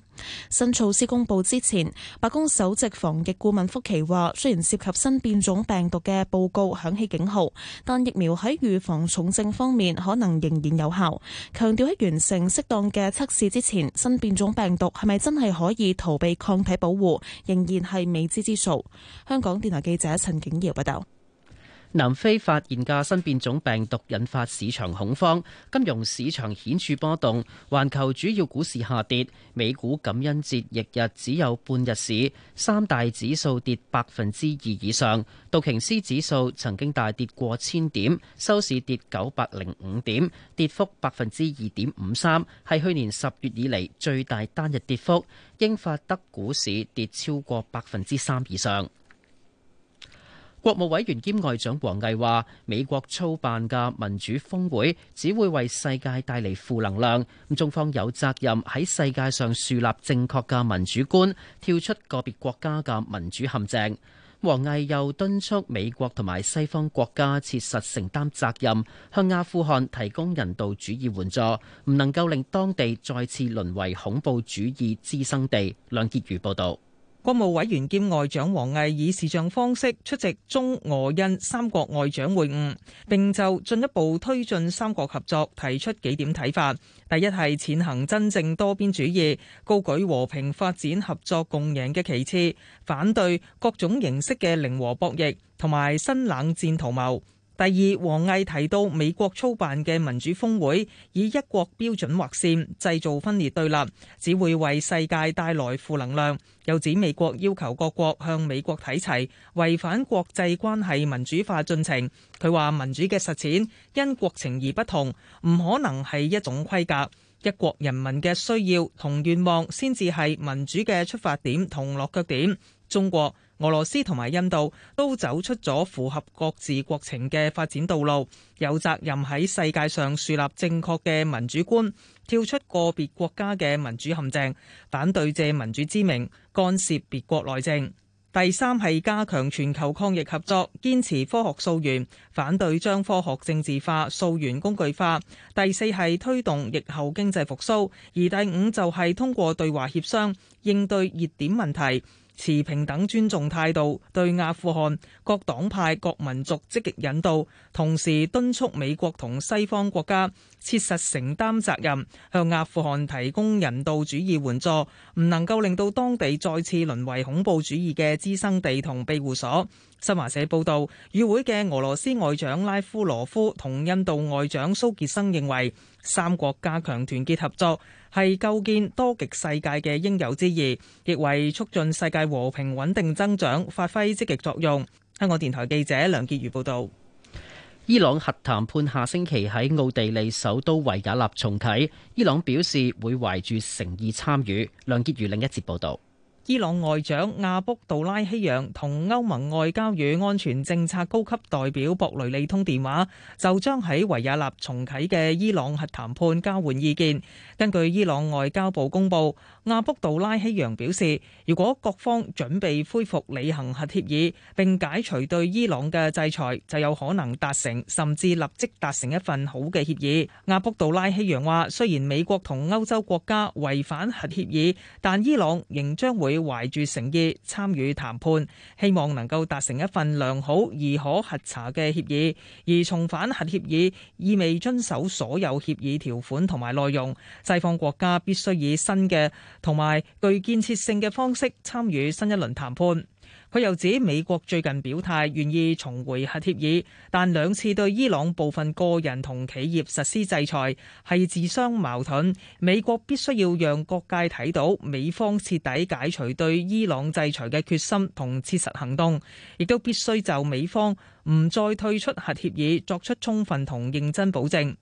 新措施公布之前，白宮首席防疫顧問福奇話，雖然涉及新變種病毒嘅報告響起警號，但疫苗喺預防重症方面可能仍然有效，強調喺完成適當嘅測試之前，新變種病毒係咪真係可以逃避抗體保護仍現係未知之數。香港電台記者陳景瑤報道。南非發現嘅新變種病毒引發市場恐慌，金融市場顯著波動，環球主要股市下跌。美股感恩節翌日只有半日市，三大指數跌百分之二以上。道瓊斯指數曾經大跌過千點，收市跌九百零五點，跌幅百分之二點五三，係去年十月以嚟最大單日跌幅。英法德股市跌超過百分之三以上。國務委員兼外長王毅話，美國操辦嘅民主峰會只會為世界帶嚟負能量。中方有責任喺世界上樹立正確嘅民主觀，跳出個別國家嘅民主陷阱。王毅又敦促美國同埋西方國家切實承擔責任，向阿富汗提供人道主義援助，唔能夠令當地再次淪為恐怖主義滋生地。梁潔如報道。國務委員兼外長王毅以視像方式出席中俄印三國外長會晤，並就進一步推進三國合作提出幾點睇法。第一係踐行真正多邊主義，高舉和平發展合作共贏嘅旗幟，反對各種形式嘅零和博弈同埋新冷戰圖謀。第二，王毅提到美國操辦嘅民主峰會以一國標準劃線，製造分裂對立，只會為世界帶來負能量。又指美國要求各國向美國睇齊，違反國際關係民主化進程。佢話民主嘅實踐因國情而不同，唔可能係一種規格。一國人民嘅需要同願望先至係民主嘅出發點同落腳點。中國。俄羅斯同埋印度都走出咗符合各自國情嘅發展道路，有責任喺世界上樹立正確嘅民主觀，跳出個別國家嘅民主陷阱，反對借民主之名干涉別國內政。第三係加強全球抗疫合作，堅持科學溯源，反對將科學政治化、溯源工具化。第四係推動疫後經濟復甦，而第五就係通過對話協商應對熱點問題。持平等尊重態度，對阿富汗各黨派、各民族積極引導，同時敦促美國同西方國家切實承擔責任，向阿富汗提供人道主義援助，唔能夠令到當地再次淪為恐怖主義嘅滋生地同庇護所。新華社報道，與會嘅俄羅斯外長拉夫羅夫同印度外長蘇杰生認為，三國加強團結合作係構建多極世界嘅應有之義，亦為促進世界和平穩定增長發揮積極作用。香港電台記者梁潔如報道，伊朗核談判下星期喺奧地利首都維也納重啟，伊朗表示會懷住誠意參與。梁潔如另一節報道。伊朗外長阿卜杜拉希揚同歐盟外交與安全政策高級代表博雷利通電話，就將喺維也納重啟嘅伊朗核談判交換意見。根據伊朗外交部公佈，阿卜杜拉希揚表示，如果各方準備恢復履行核協議，並解除對伊朗嘅制裁，就有可能達成，甚至立即達成一份好嘅協議。阿卜杜拉希揚話：雖然美國同歐洲國家違反核協議，但伊朗仍將會懷住誠意參與談判，希望能夠達成一份良好而可核查嘅協議，而重返核協議意味遵守所有協議條款同埋內容。西方國家必須以新嘅同埋具建設性嘅方式參與新一輪談判。佢又指美國最近表態願意重回核協議，但兩次對伊朗部分個人同企業實施制裁係自相矛盾。美國必須要讓各界睇到美方徹底解除對伊朗制裁嘅決心同切實行動，亦都必須就美方唔再退出核協議作出充分同認真保證。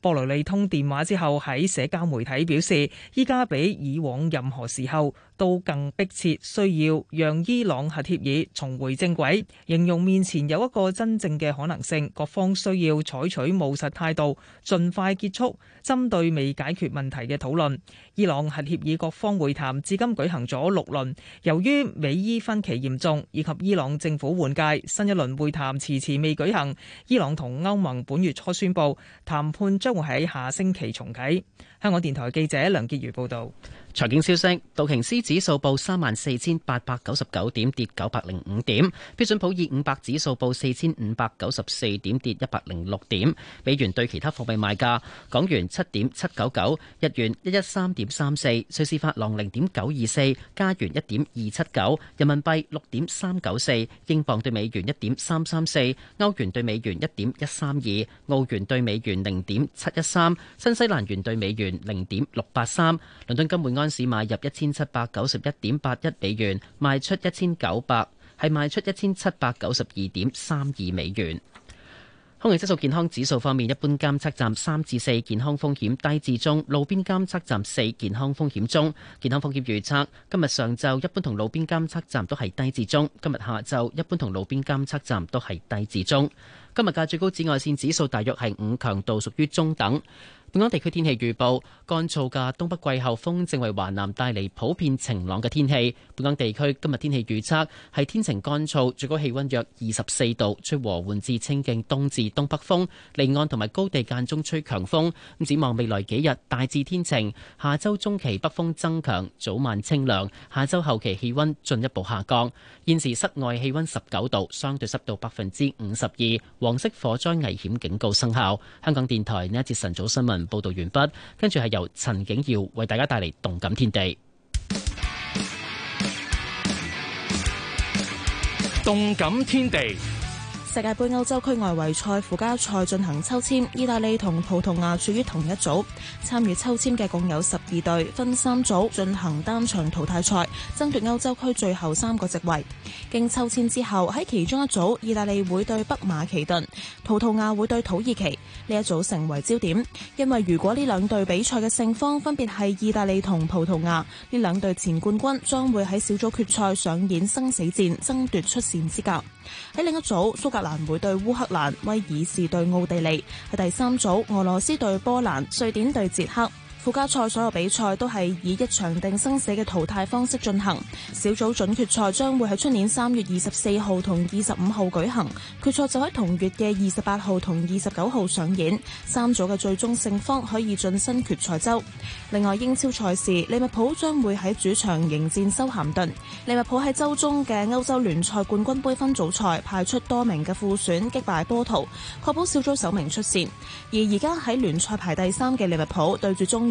博雷利通電話之後喺社交媒體表示：依家比以往任何時候，都更迫切需要讓伊朗核協議重回正軌，形容面前有一個真正嘅可能性。各方需要採取務實態度，盡快結束針對未解決問題嘅討論。伊朗核協議各方會談至今舉行咗六輪，由於美伊分歧嚴重以及伊朗政府換屆，新一輪會談遲遲未舉行。伊朗同歐盟本月初宣布，談判將會喺下星期重啟。香港電台記者梁潔如報道。財經消息：道瓊斯指數報三萬四千八百九十九點，跌九百零五點；標準普爾五百指數報四千五百九十四點，跌一百零六點。美元兌其他貨幣賣價：港元七點七九九，日元一一三點三四，瑞士法郎零點九二四，加元一點二七九，人民幣六點三九四，英鎊兌美元一點三三四，歐元兌美元一點一三二，澳元兌美元零點七一三，新西蘭元兌美元。零點六八三，3, 倫敦金每安士買入一千七百九十一點八一美元，賣出一千九百，係賣出一千七百九十二點三二美元。空氣質素健康指數方面，一般監測站三至四，健康風險低至中；路邊監測站四，健康風險中。健康風險預測：今日上晝一般同路邊監測站都係低至中；今日下晝一般同路邊監測站都係低至中。今日嘅最高紫外線指數大約係五，強度屬於中等。本港地區天氣預報：乾燥嘅東北季候風正為華南帶嚟普遍晴朗嘅天氣。本港地區今日天氣預測係天晴乾燥，最高氣温約二十四度，吹和緩至清勁東至東北風，離岸同埋高地間中吹強風。咁展望未來幾日大致天晴，下周中期北風增強，早晚清涼，下周後期氣温進一步下降。現時室外氣温十九度，相對濕度百分之五十二，黃色火災危險警告生效。香港電台呢一節晨早新聞。報道完畢，跟住係由陳景耀為大家帶嚟動感天地。動感天地。世界盃歐洲區外圍賽附加賽進行抽籤，意大利同葡萄牙處於同一組。參與抽籤嘅共有十二隊，分三組進行單場淘汰賽，爭奪歐洲區最後三個席位。經抽籤之後，喺其中一組，意大利會對北馬其頓，葡萄牙會對土耳其。呢一組成為焦點，因為如果呢兩隊比賽嘅勝方分別係意大利同葡萄牙，呢兩隊前冠軍將會喺小組決賽上演生死戰，爭奪出線資格。喺另一組，蘇格蘭會對烏克蘭，威爾士對奧地利。喺第三組，俄羅斯對波蘭，瑞典對捷克。附加賽所有比賽都係以一場定生死嘅淘汰方式進行，小組準決賽將會喺出年三月二十四號同二十五號舉行，決賽就喺同月嘅二十八號同二十九號上演。三組嘅最終勝方可以晉身決賽週。另外英超賽事，利物浦將會喺主場迎戰修咸頓。利物浦喺週中嘅歐洲聯賽冠軍盃分組賽派出多名嘅副選擊敗波圖，確保小組首名出線。而而家喺聯賽排第三嘅利物浦對住中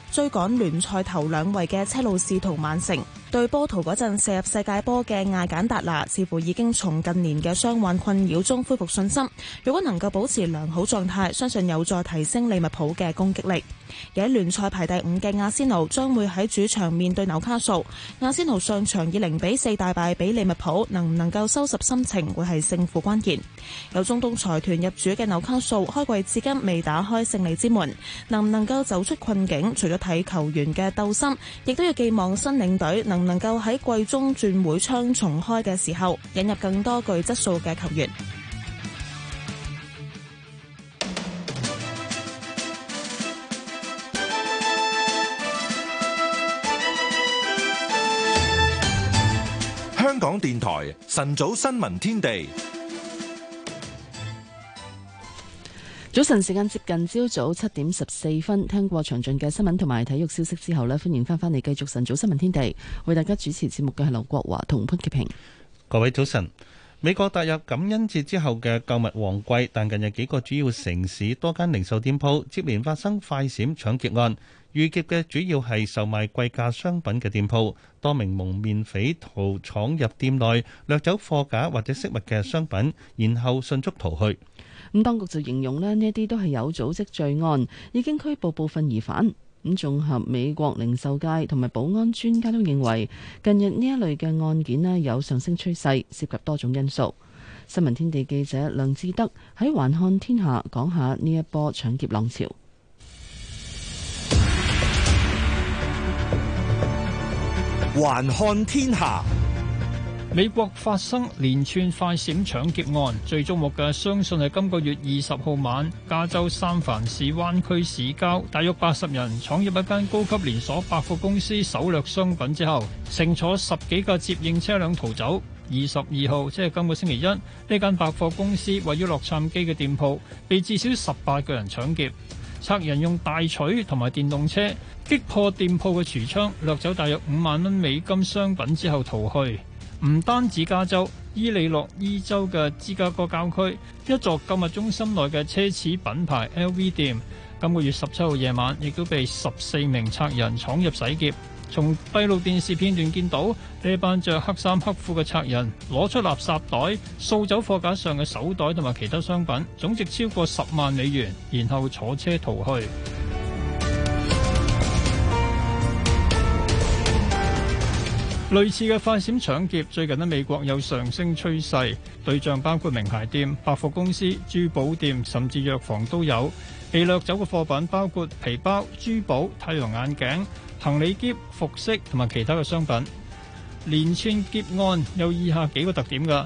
追趕聯賽頭兩位嘅車路士同曼城，對波圖嗰陣射入世界波嘅亞簡達拿，似乎已經從近年嘅傷患困擾中恢復信心。如果能夠保持良好狀態，相信有助提升利物浦嘅攻擊力。而喺聯賽排第五嘅阿仙奴，將會喺主場面對紐卡素。阿仙奴上場以零比四大敗俾利物浦，能唔能夠收拾心情，會係勝負關鍵。由中東財團入主嘅紐卡素，開季至今未打開勝利之門，能唔能夠走出困境，除咗睇球員嘅鬥心，亦都要寄望新領隊能能夠喺季中轉會窗重開嘅時候，引入更多具質素嘅球員。香港電台晨早新聞天地。早晨時間接近朝早七點十四分，聽過詳盡嘅新聞同埋體育消息之後咧，歡迎翻翻嚟繼續晨早新聞天地，為大家主持節目嘅係劉國華同潘潔平。各位早晨，美國踏入感恩節之後嘅購物旺季，但近日幾個主要城市多間零售店鋪接連發生快閃搶劫案，遇劫嘅主要係售賣貴價商品嘅店鋪，多名蒙面匪徒闖入店內掠走貨架或者飾物嘅商品，然後迅速逃去。咁當局就形容咧，呢一啲都係有組織罪案，已經拘捕部分疑犯。咁綜合美國零售界同埋保安專家都認為，近日呢一類嘅案件咧，有上升趨勢，涉及多種因素。新聞天地記者梁志德喺《環看天下》講下呢一波搶劫浪潮。環看天下。美國發生連串快閃搶劫案，最矚目嘅相信係今個月二十號晚，加州三藩市灣區市郊，大約八十人闖入一間高級連鎖百貨公司，搜掠商品之後，乘坐十幾個接應車輛逃走。二十二號，即係今個星期一，呢間百貨公司位於洛杉磯嘅店鋪被至少十八個人搶劫，賊人用大錘同埋電動車擊破店鋪嘅櫥窗，掠走大約五萬蚊美金商品之後逃去。唔單止加州、伊利諾伊州嘅芝加哥郊區，一座購物中心內嘅奢侈品牌 LV 店，今個月十七號夜晚亦都被十四名賊人闖入洗劫。從閉路電視片段見到，呢班着黑衫黑褲嘅賊人攞出垃圾袋掃走貨架上嘅手袋同埋其他商品，總值超過十萬美元，然後坐車逃去。類似嘅快閃搶劫最近喺美國有上升趨勢，對象包括名牌店、百貨公司、珠寶店，甚至藥房都有被掠走嘅貨品，包括皮包、珠寶、太陽眼鏡、行李篋、服飾同埋其他嘅商品。連串劫案有以下幾個特點㗎：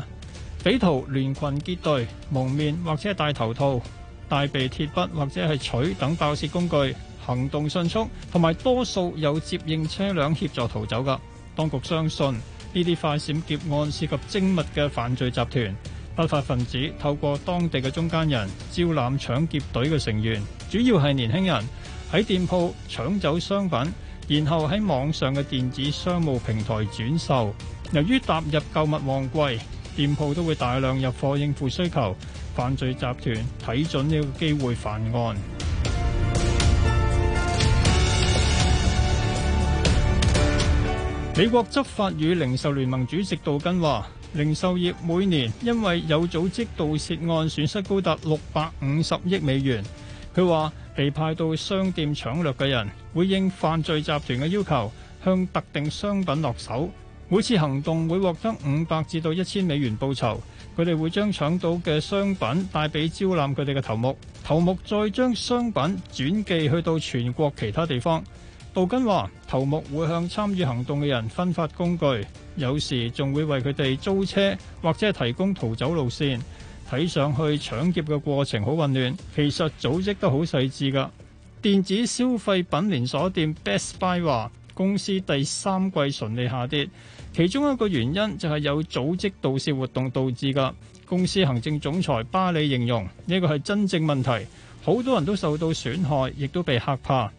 匪徒聯群結隊、蒙面或者係戴頭套、帶備鐵筆或者係錘等爆竊工具、行動迅速，同埋多數有接應車輛協助逃走㗎。當局相信呢啲快閃劫案涉及精密嘅犯罪集團，不法分子透過當地嘅中間人招攬搶劫隊嘅成員，主要係年輕人喺店鋪搶走商品，然後喺網上嘅電子商務平台轉售。由於踏入購物旺季，店鋪都會大量入貨應付需求，犯罪集團睇準呢個機會犯案。美國執法與零售聯盟主席杜根話，零售業每年因為有組織盜竊案損失高達六百五十億美元。佢話被派到商店搶掠嘅人會應犯罪集團嘅要求，向特定商品落手。每次行動會獲得五百至到一千美元報酬。佢哋會將搶到嘅商品帶俾招攬佢哋嘅頭目，頭目再將商品轉寄去到全國其他地方。杜根話：頭目會向參與行動嘅人分發工具，有時仲會為佢哋租車或者提供逃走路線。睇上去搶劫嘅過程好混亂，其實組織都好細緻噶。電子消費品連鎖店 Best Buy 話：公司第三季純利下跌，其中一個原因就係有組織盜竊活動導致噶。公司行政總裁巴里形容呢個係真正問題，好多人都受到損害，亦都被嚇怕。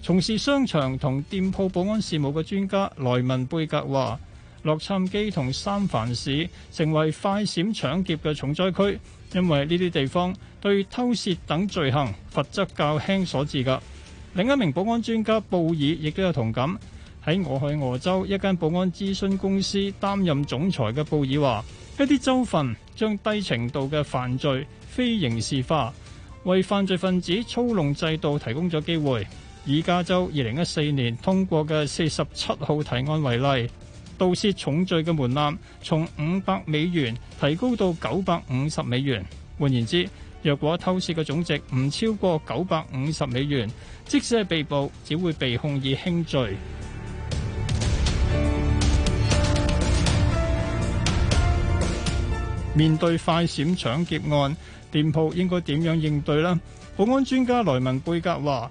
從事商場同店鋪保安事務嘅專家萊文貝格話，洛杉磯同三藩市成為快閃搶劫嘅重災區，因為呢啲地方對偷竊等罪行罰則較輕所致噶。另一名保安專家布爾亦都有同感。喺俄亥俄州一間保安諮詢公司擔任總裁嘅布爾話，一啲州份將低程度嘅犯罪非刑事化，為犯罪分子操弄制度提供咗機會。以加州二零一四年通過嘅四十七號提案為例，盜竊重罪嘅門檻從五百美元提高到九百五十美元。換言之，若果偷竊嘅總值唔超過九百五十美元，即使係被捕，只會被控以輕罪。 面對快閃搶劫案，店鋪應該點樣應對呢？保安專家萊文貝格話。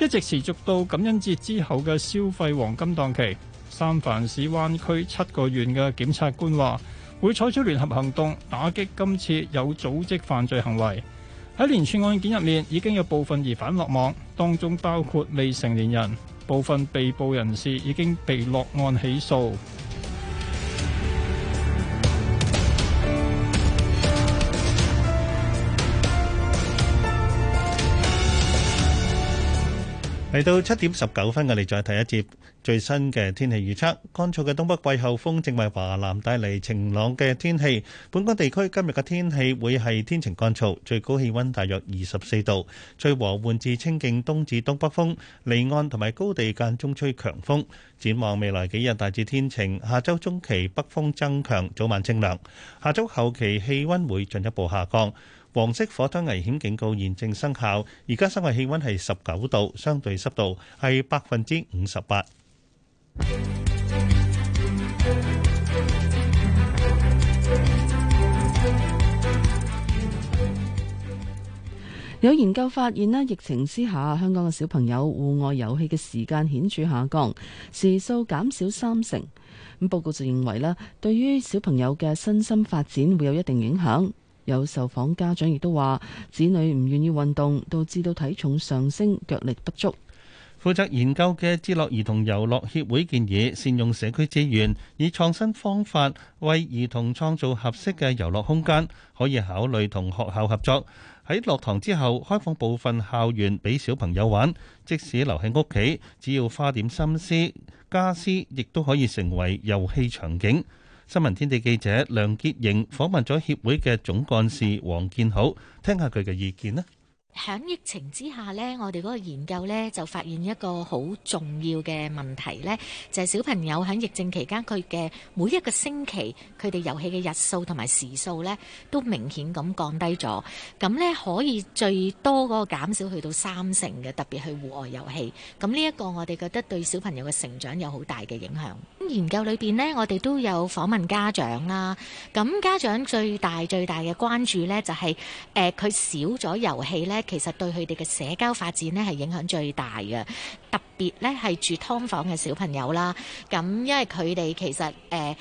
一直持續到感恩節之後嘅消費黃金檔期。三藩市灣區七個縣嘅檢察官話，會採取聯合行動打擊今次有組織犯罪行為。喺連串案件入面，已經有部分疑犯落網，當中包括未成年人。部分被捕人士已經被落案起訴。嚟到七點十九分，我哋再睇一節最新嘅天氣預測。乾燥嘅東北季候風正為華南帶嚟晴朗嘅天氣。本港地區今日嘅天氣會係天晴乾燥，最高氣温大約二十四度，吹和緩至清勁東至東北風，離岸同埋高地間中吹強風。展望未來幾日大致天晴，下周中期北風增強，早晚清涼。下週後期氣温會進一步下降。黃色火災危險警告現正生效，而家室外氣溫係十九度，相對濕度係百分之五十八。有研究發現呢，疫情之下，香港嘅小朋友戶外遊戲嘅時間顯著下降，時數減少三成。咁報告就認為呢，對於小朋友嘅身心發展會有一定影響。有受訪家長亦都話，子女唔願意運動，導致到體重上升、腳力不足。負責研究嘅智樂兒童遊樂協會建議，善用社區資源，以創新方法為兒童創造合適嘅遊樂空間。可以考慮同學校合作，喺落堂之後開放部分校園俾小朋友玩。即使留喺屋企，只要花點心思，家私亦都可以成為遊戲場景。新聞天地記者梁潔瑩訪問咗協會嘅總幹事王建好，聽下佢嘅意見咧。響疫情之下咧，我哋個研究咧就發現一個好重要嘅問題咧，就係、是、小朋友喺疫症期間，佢嘅每一個星期佢哋遊戲嘅日數同埋時數咧，都明顯咁降低咗。咁咧可以最多個減少去到三成嘅，特別去戶外遊戲。咁呢一個我哋覺得對小朋友嘅成長有好大嘅影響。研究裏邊咧，我哋都有訪問家長啦、啊。咁家長最大最大嘅關注咧，就係誒佢少咗遊戲咧。其實對佢哋嘅社交發展呢係影響最大嘅，特別呢係住劏房嘅小朋友啦。咁因為佢哋其實誒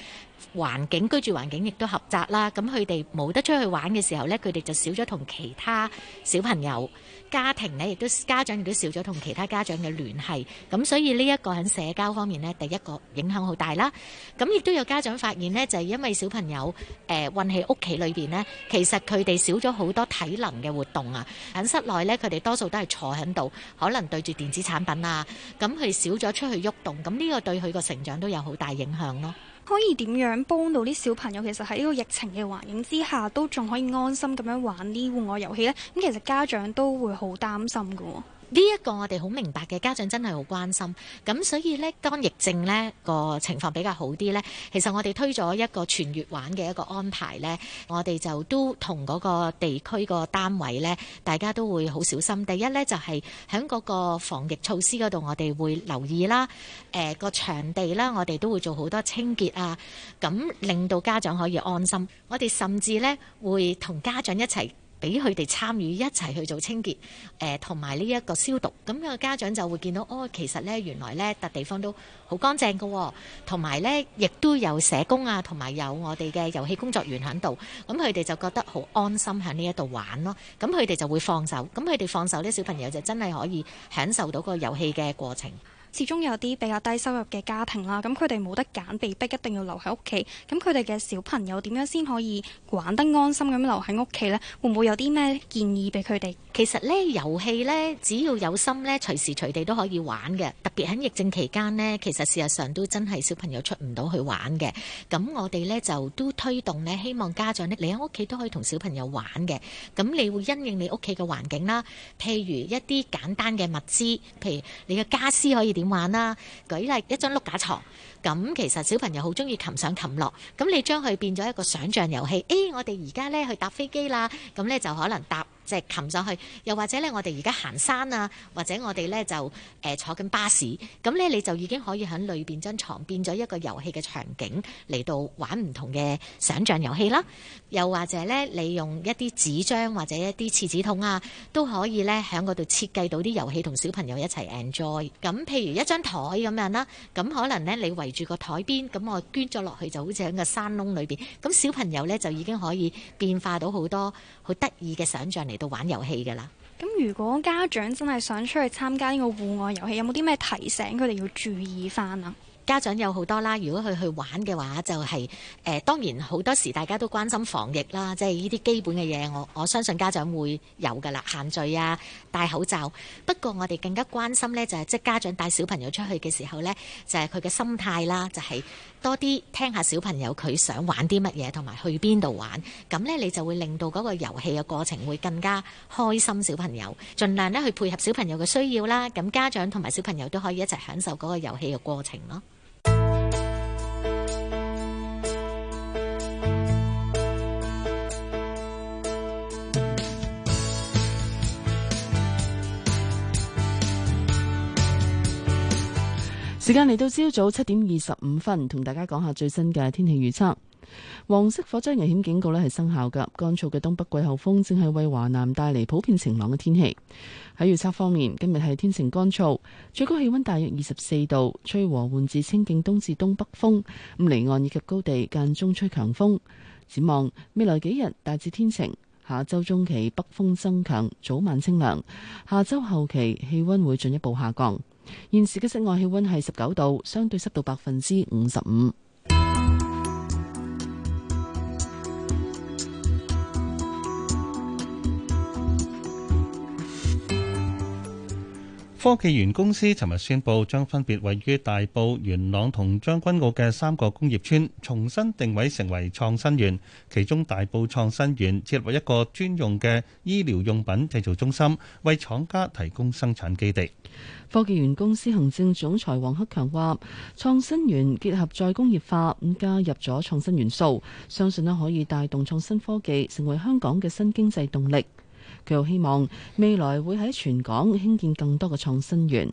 環境、呃、居住環境亦都狹窄啦，咁佢哋冇得出去玩嘅時候呢，佢哋就少咗同其他小朋友。家庭咧，亦都家長亦都少咗同其他家長嘅聯繫，咁所以呢一個喺社交方面呢，第一個影響好大啦。咁亦都有家長發現呢，就係、是、因為小朋友誒、呃、運喺屋企裏邊呢，其實佢哋少咗好多體能嘅活動啊。喺室內呢，佢哋多數都係坐喺度，可能對住電子產品啊，咁佢少咗出去喐動、動，咁呢個對佢個成長都有好大影響咯。可以點樣幫到啲小朋友？其實喺呢個疫情嘅環境之下，都仲可以安心咁樣玩啲戶外遊戲咧。咁其實家長都會好擔心㗎喎。呢一個我哋好明白嘅，家長真係好關心，咁所以呢，當疫症呢個情況比較好啲呢。其實我哋推咗一個全月玩嘅一個安排呢，我哋就都同嗰個地區個單位呢，大家都會好小心。第一呢，就係喺嗰個防疫措施嗰度，我哋會留意啦，誒、呃、個場地啦，我哋都會做好多清潔啊，咁令到家長可以安心。我哋甚至呢，會同家長一齊。俾佢哋參與一齊去做清潔，誒同埋呢一個消毒，咁個家長就會見到，哦，其實呢，原來呢，笪地方都好乾淨㗎喎，同埋呢，亦都有社工啊，同埋有我哋嘅遊戲工作員喺度，咁佢哋就覺得好安心喺呢一度玩咯，哦，咁佢哋就會放手，咁佢哋放手咧，小朋友就真係可以享受到個遊戲嘅過程。始終有啲比較低收入嘅家庭啦，咁佢哋冇得揀，被逼一定要留喺屋企。咁佢哋嘅小朋友點樣先可以玩得安心咁留喺屋企呢？會唔會有啲咩建議俾佢哋？其實呢，遊戲呢，只要有心呢，隨時隨地都可以玩嘅。特別喺疫症期間呢，其實事實上都真係小朋友出唔到去玩嘅。咁我哋呢，就都推動呢，希望家長呢，你喺屋企都可以同小朋友玩嘅。咁你會因應你屋企嘅環境啦，譬如一啲簡單嘅物資，譬如你嘅家私可以。點玩啦？舉例一張碌架床。咁其實小朋友好中意擒上擒落，咁你將佢變咗一個想像遊戲。誒， 我哋而家咧去搭飛機啦，咁咧就可能搭。 即係擒上去，又或者咧，我哋而家行山啊，或者我哋咧就誒、呃、坐緊巴士，咁咧你就已經可以響裏邊張床變咗一個遊戲嘅場景嚟到玩唔同嘅想象遊戲啦。又或者咧，你用一啲紙張或者一啲廁紙筒啊，都可以咧響度設計到啲遊戲同小朋友一齊 enjoy。咁譬如一張台咁樣啦，咁可能咧你圍住個台邊，咁我捐咗落去就好似響個山窿裏邊，咁小朋友咧就已經可以變化到好多好得意嘅想象嚟到玩遊戲嘅啦。咁如果家長真係想出去參加呢個戶外遊戲，有冇啲咩提醒佢哋要注意翻啊？家長，有好多啦。如果佢去玩嘅話，就係，就係誒，當然好多時大家都關心防疫啦，即係呢啲基本嘅嘢。我我相信家長會有嘅啦，限聚啊、戴口罩。不過我哋更加關心呢，就係即係家長帶小朋友出去嘅時候呢，就係佢嘅心態啦，就係、係。多啲聽下小朋友佢想玩啲乜嘢，同埋去邊度玩，咁呢，你就會令到嗰個遊戲嘅過程會更加開心。小朋友盡量呢去配合小朋友嘅需要啦，咁家長同埋小朋友都可以一齊享受嗰個遊戲嘅過程咯。時間嚟到朝早七點二十五分，同大家講下最新嘅天氣預測。黃色火災危險警告咧係生效噶，乾燥嘅東北季候風正係為華南帶嚟普遍晴朗嘅天氣。喺預測方面，今日係天晴乾燥，最高氣溫大約二十四度，吹和緩至清勁東至東北風。咁離岸以及高地間中吹強風。展望未來幾日大致天晴，下周中期北風增強，早晚清涼。下周後期氣溫會進一步下降。現時嘅室外氣溫係十九度，相對濕度百分之五十五。科技園公司尋日宣布，將分別位於大埔、元朗同將軍澳嘅三個工業村，重新定位成為創新園。其中，大埔創新園設立一個專用嘅醫療用品製造中心，為廠家提供生產基地。科技園公司行政總裁黃克強話：創新園結合再工業化，咁加入咗創新元素，相信呢可以帶動創新科技，成為香港嘅新經濟動力。佢又希望未來會喺全港興建更多嘅創新園。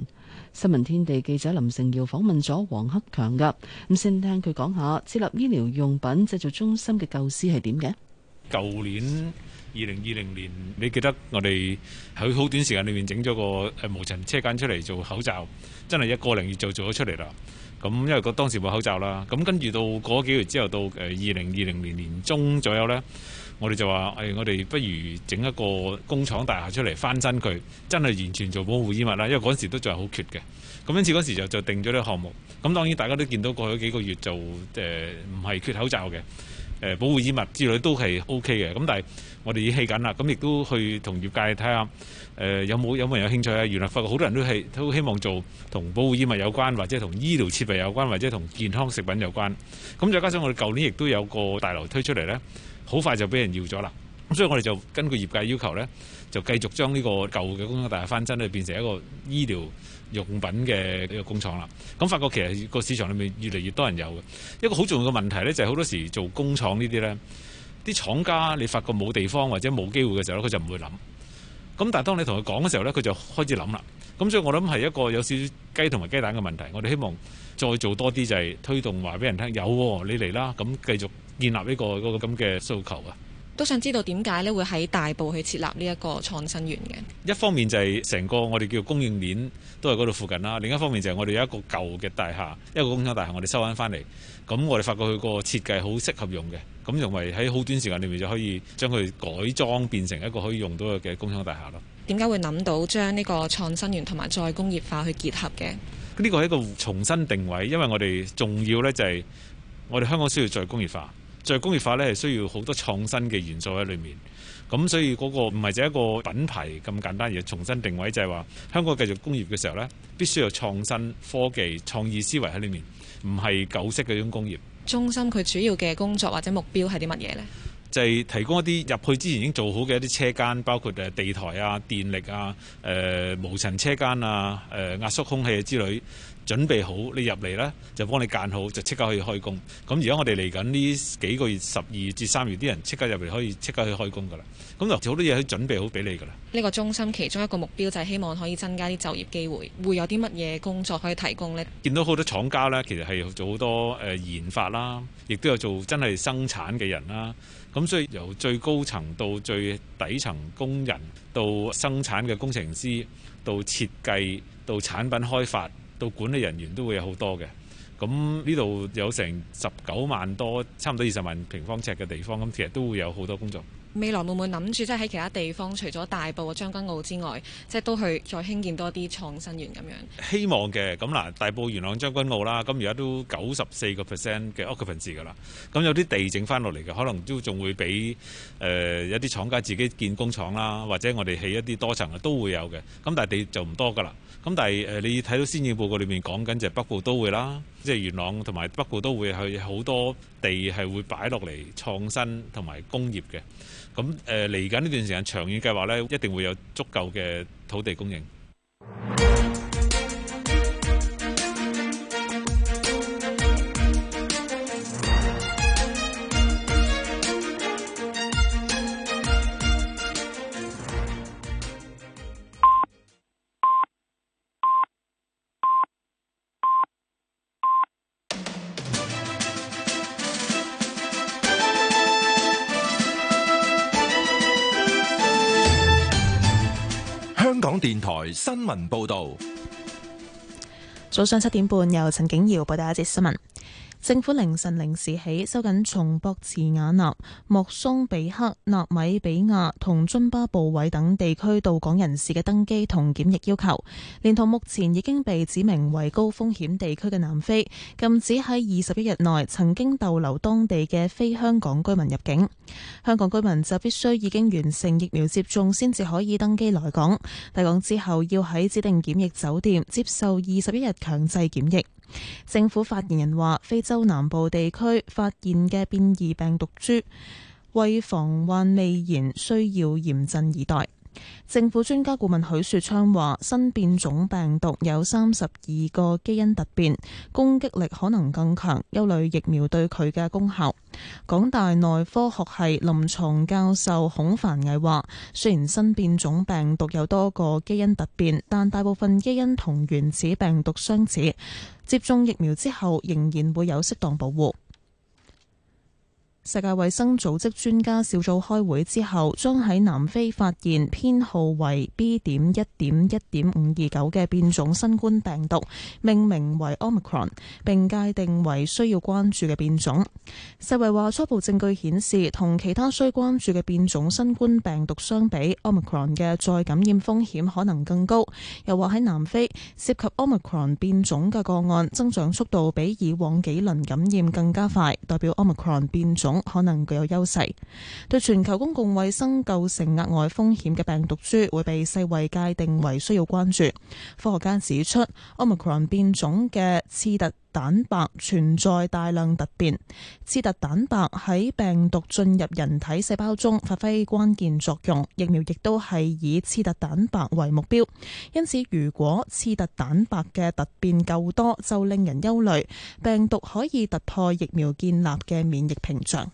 新聞天地記者林成耀訪問咗黃克強噶咁，先、嗯、聽佢講下設立醫療用品製造中心嘅構思係點嘅。舊年二零二零年，你記得我哋喺好短時間裏面整咗個誒無塵車間出嚟做口罩，真係一個零月就做咗出嚟啦。咁因為個當時冇口罩啦，咁跟住到嗰幾月之後，到誒二零二零年年中左右呢，我哋就話：誒、哎、我哋不如整一個工廠大廈出嚟翻新佢，真係完全做保護衣物啦。因為嗰時都仲係好缺嘅。咁因此嗰時就就定咗呢個項目。咁當然大家都見到過去幾個月就誒唔係缺口罩嘅。誒保護衣物之類都係 O K 嘅，咁但係我哋已經起緊啦。咁亦都去同業界睇下誒有冇有冇人有興趣啊？原來發覺好多人都係都希望做同保護衣物有關，或者同醫療設備有關，或者同健康食品有關。咁再加上我哋舊年亦都有個大樓推出嚟咧，好快就俾人要咗啦。咁所以我哋就根據業界要求咧，就繼續將呢個舊嘅工業大廈翻新咧，變成一個醫療用品嘅呢個工廠啦，咁發覺其實個市場裏面越嚟越多人有嘅一個好重要嘅問題呢，就係，好多時做工廠呢啲呢啲廠家你發覺冇地方或者冇機會嘅時候佢就唔會諗。咁但係當你同佢講嘅時候呢，佢就開始諗啦。咁所以我諗係一個有少少雞同埋雞蛋嘅問題。我哋希望再做多啲，就係推動話俾人聽有喎，你嚟啦，咁繼續建立呢個嗰個咁嘅需求啊。都想知道點解咧會喺大埔去設立呢一個創新園嘅？一方面就係成個我哋叫供應鏈都喺嗰度附近啦，另一方面就係我哋有一個舊嘅大廈，一個工廠大廈，我哋收翻翻嚟，咁我哋發覺佢個設計好適合用嘅，咁認為喺好短時間裡面就可以將佢改裝變成一個可以用到嘅工廠大廈咯。點解會諗到將呢個創新園同埋再工業化去結合嘅？呢個係一個重新定位，因為我哋重要咧就係我哋香港需要再工業化。再工業化咧，係需要好多創新嘅元素喺裏面，咁所以嗰個唔係就一個品牌咁簡單，而重新定位就係、是、話香港繼續工業嘅時候咧，必須有創新科技、創意思維喺裏面，唔係舊式嘅一種工業中心。佢主要嘅工作或者目標係啲乜嘢呢？就係提供一啲入去之前已經做好嘅一啲車間，包括誒地台啊、電力啊、誒、呃、無塵車間啊、誒、呃、壓縮空氣之類。準備好你入嚟呢，就幫你間好，就即刻可以開工。咁而家我哋嚟緊呢幾個月，十二至三月啲人即刻入嚟可以即刻去開工噶啦。咁就好多嘢可以準備好俾你噶啦。呢個中心其中一個目標就係希望可以增加啲就業機會，會有啲乜嘢工作可以提供呢？見到好多廠家呢，其實係做好多誒研發啦，亦都有做真係生產嘅人啦。咁所以由最高層到最底層工人，到生產嘅工程師，到設計，到產品開發。到管理人員都會有好多嘅。咁呢度有成十九萬多，差唔多二十萬平方尺嘅地方，咁其實都會有好多工作。未來會唔會諗住即係喺其他地方，除咗大埔啊、將軍澳之外，即係都去再興建多啲創新園咁樣？希望嘅咁嗱，大埔、元朗、將軍澳啦，咁而家都九十四個 percent 嘅 occupancy 㗎啦。咁有啲地整翻落嚟嘅，可能都仲會俾誒、呃、一啲廠家自己建工廠啦，或者我哋起一啲多層嘅都會有嘅。咁但係地就唔多㗎啦。咁但係誒，你睇到施政報告裏面講緊就係北部都會啦，即係元朗同埋北部都會去好多地係會擺落嚟創新同埋工業嘅。咁誒嚟緊呢段時間，長遠計劃咧，一定會有足夠嘅土地供應。電台新聞報道，早上七點半由陳景瑤報道第一節新聞。政府凌晨零時起，收緊從博茨瓦納、莫桑比克、納米比亞同津巴布韋等地區到港人士嘅登機同檢疫要求，連同目前已經被指明為高風險地區嘅南非，禁止喺二十一日內曾經逗留當地嘅非香港居民入境。香港居民就必須已經完成疫苗接種先至可以登機來港，抵港之後要喺指定檢疫酒店接受二十一日強制檢疫。政府發言人話：非洲南部地區發現嘅變異病毒株，為防患未然，需要嚴陣以待。政府專家顧問許樹昌話：新變種病毒有三十二個基因突變，攻擊力可能更強，憂慮疫苗對佢嘅功效。港大內科學系臨床教授孔凡毅話：雖然新變種病毒有多個基因突變，但大部分基因同原始病毒相似，接種疫苗之後仍然會有適當保護。世界衛生組織專家小組開會之後，將喺南非發現編號為 B. 點一點一點五二九嘅變種新冠病毒，命名為 Omicron，並界定為需要關注嘅變種。世衛話初步證據顯示，同其他需關注嘅變種新冠病毒相比，Omicron 嘅再感染風險可能更高。又話喺南非涉及 Omicron 變種嘅個案增長速度比以往幾輪感染更加快，代表 Omicron 變種。可能具有優勢，對全球公共衛生構成額外風險嘅病毒株會被世衛界定為需要關注。科學家指出，Omicron 變種嘅刺突蛋白存在大量突變，刺突蛋白喺病毒進入人體細胞中發揮關鍵作用，疫苗亦都係以刺突蛋白為目標，因此，如果刺突蛋白嘅突變夠多，就令人憂慮，病毒可以突破疫苗建立嘅免疫屏障。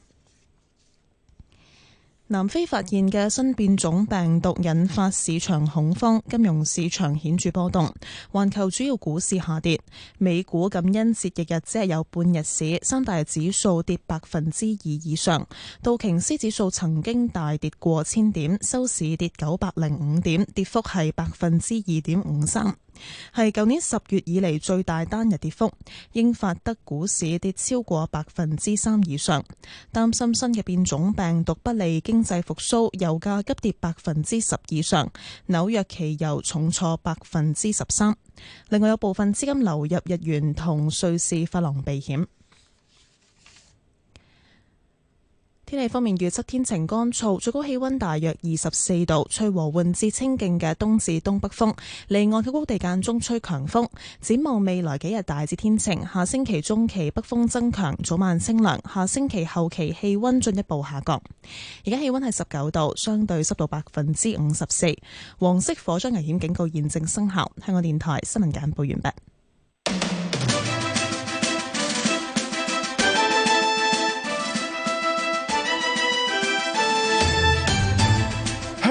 南非發現嘅新變種病毒引發市場恐慌，金融市場顯著波動，環球主要股市下跌。美股感恩節翌日只係有半日市，三大指數跌百分之二以上。道瓊斯指數曾經大跌過千點，收市跌九百零五點，跌幅係百分之二點五三。係舊年十月以嚟最大單日跌幅，英法德股市跌超過百分之三以上，擔心新嘅變種病毒不利經濟復蘇，油價急跌百分之十以上，紐約期油重挫百分之十三。另外有部分資金流入日元同瑞士法郎避險。天氣方面，預測天晴乾燥，最高氣溫大約二十四度，吹和緩至清勁嘅東至東北風。離岸嘅高地間中吹強風。展望未來幾日大致天晴，下星期中期北風增強，早晚清涼，下星期後期氣溫進一步下降。而家氣溫係十九度，相對濕度百分之五十四。黃色火災危險警告現正生效。香港電台新聞簡報完畢。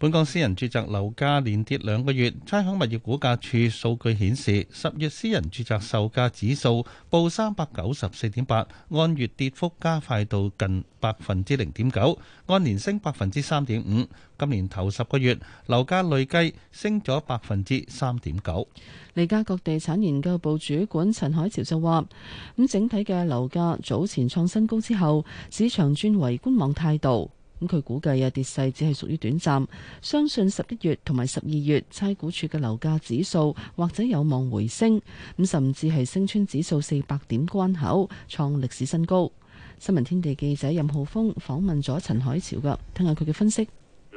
本港私人住宅樓價連跌兩個月，差餉物業估價署數據顯示，十月私人住宅售價指數報三百九十四點八，按月跌幅加快到近百分之零點九，按年升百分之三點五。今年頭十個月樓價累計升咗百分之三點九。利嘉閣地產研究部主管陳海潮就話，咁整體嘅樓價早前創新高之後，市場轉為觀望態度。咁佢估計啊，跌勢只係屬於短暫，相信十一月同埋十二月差估署嘅樓價指數或者有望回升，咁甚至係升穿指數四百點關口，創歷史新高。新聞天地記者任浩峰訪問咗陳海潮㗎，聽下佢嘅分析。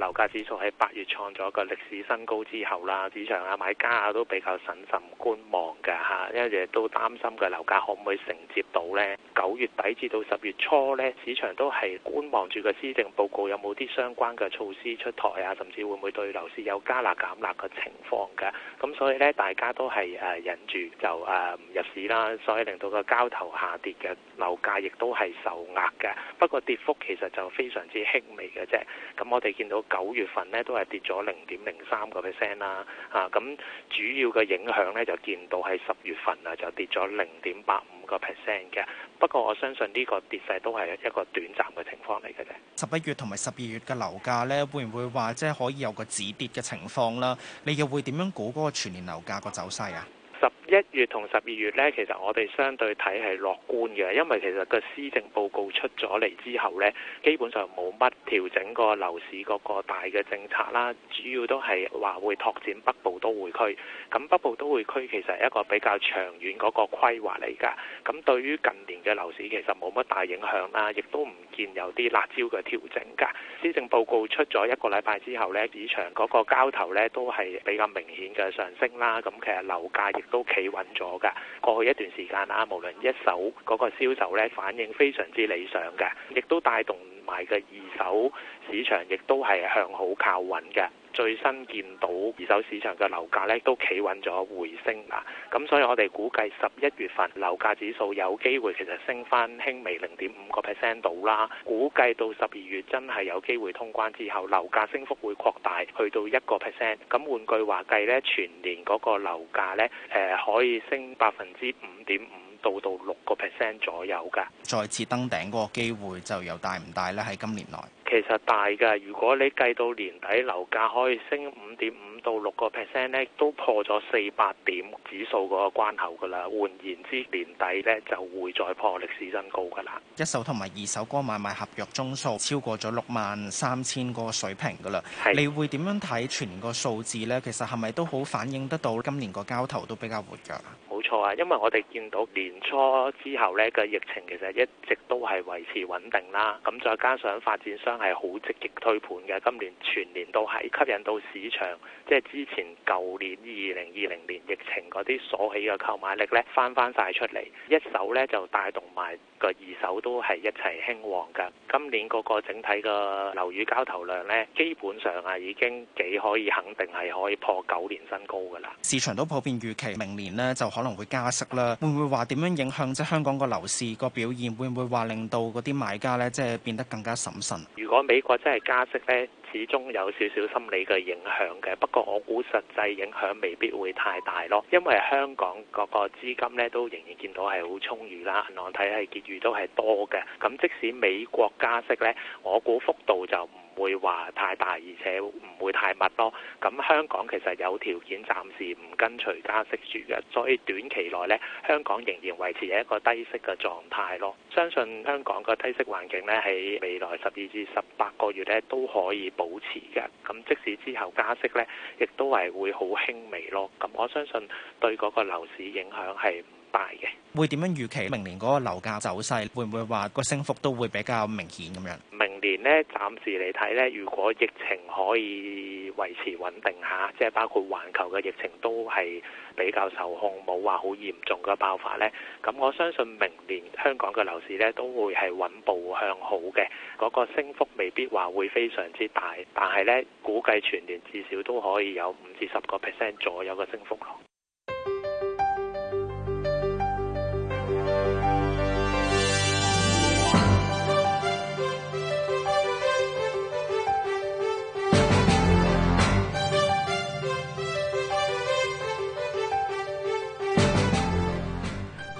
樓價指數喺八月創咗個歷史新高之後啦，市場啊買家啊都比較審慎，慎觀望㗎，因為亦都擔心個樓價可唔可以承接到呢？九月底至到十月初呢，市場都係觀望住個施政報告有冇啲相關嘅措施出台啊，甚至會唔會對樓市有加辣減辣嘅情況嘅。咁所以呢，大家都係誒忍住就誒唔入市啦，所以令到個交投下跌嘅樓價亦都係受壓嘅。不過跌幅其實就非常之輕微嘅啫。咁我哋見到。九月份呢都係跌咗零點零三個 percent 啦，嚇、啊、咁、啊嗯、主要嘅影響呢就見到係十月份啊就跌咗零點八五個 percent 嘅。不過我相信呢個跌勢都係一個短暫嘅情況嚟嘅啫。十一月同埋十二月嘅樓價呢，會唔會話即係可以有個止跌嘅情況啦？你又會點樣估嗰個全年樓價個走勢啊？十一月同十二月呢，其實我哋相對睇係樂觀嘅，因為其實個施政報告出咗嚟之後呢，基本上冇乜調整個樓市嗰個大嘅政策啦。主要都係話會拓展北部都會區。咁北部都會區其實係一個比較長遠嗰個規劃嚟㗎。咁對於近年嘅樓市，其實冇乜大影響啦，亦都唔見有啲辣招嘅調整㗎，施政報告出咗一個禮拜之後呢，市場嗰個交投呢都係比較明顯嘅上升啦。咁其實樓價亦都企穩咗㗎。過去一段時間啊，無論一手嗰個銷售呢，反應非常之理想嘅，亦都帶動埋嘅二手市場亦都係向好靠穩嘅。最新見到二手市場嘅樓價呢，都企穩咗回升啦，咁所以我哋估計十一月份樓價指數有機會其實升返輕微零點五個 percent 度啦，估計到十二月真係有機會通關之後，樓價升幅會擴大去到一個 percent，咁換句話計呢，全年嗰個樓價呢誒可以升百分之五點五。到到六個 percent 左右嘅，再次登頂嗰個機會就又大唔大呢？喺今年內其實大嘅，如果你計到年底樓價可以升五點五到六個 percent 咧，都破咗四百點指數嗰個關口噶啦。換言之，年底咧就會再破歷史新高噶啦。一手同埋二手個買賣合約宗數超過咗六萬三千個水平噶啦。是你會點樣睇全個數字咧？其實係咪都好反映得到今年個交投都比較活躍？因為我哋見到年初之後呢個疫情其實一直都係維持穩定啦，咁再加上發展商係好積極推盤嘅，今年全年都係吸引到市場，即係之前舊年二零二零年疫情嗰啲鎖起嘅購買力呢，翻翻晒出嚟，一手呢就帶動埋。個二手都係一齊興旺噶，今年嗰個整體個樓宇交投量呢，基本上啊已經幾可以肯定係可以破九年新高噶啦。市場都普遍預期明年呢就可能會加息啦，會唔會話點樣影響即係香港個樓市個表現？會唔會話令到嗰啲買家呢？即係變得更加審慎？如果美國真係加息呢？始終有少少心理嘅影響嘅，不過我估實際影響未必會太大咯，因為香港各個資金咧都仍然見到係好充裕啦，銀行體系結餘都係多嘅，咁即使美國加息咧，我估幅度就唔會話太大，而且唔會太密咯。咁香港其實有條件，暫時唔跟隨加息住嘅，所以短期內咧，香港仍然維持一個低息嘅狀態咯。相信香港嘅低息環境咧，喺未來十二至十八個月咧都可以保持嘅。咁即使之後加息咧，亦都係會好輕微咯。咁我相信對嗰個樓市影響係。大嘅，會點樣預期明年嗰個樓價走勢？會唔會話個升幅都會比較明顯咁樣？明年呢，暫時嚟睇呢，如果疫情可以維持穩定下，即係包括環球嘅疫情都係比較受控，冇話好嚴重嘅爆發呢。咁我相信明年香港嘅樓市呢，都會係穩步向好嘅。嗰個升幅未必話會非常之大，但係呢，估計全年至少都可以有五至十個 percent 左右嘅升幅咯。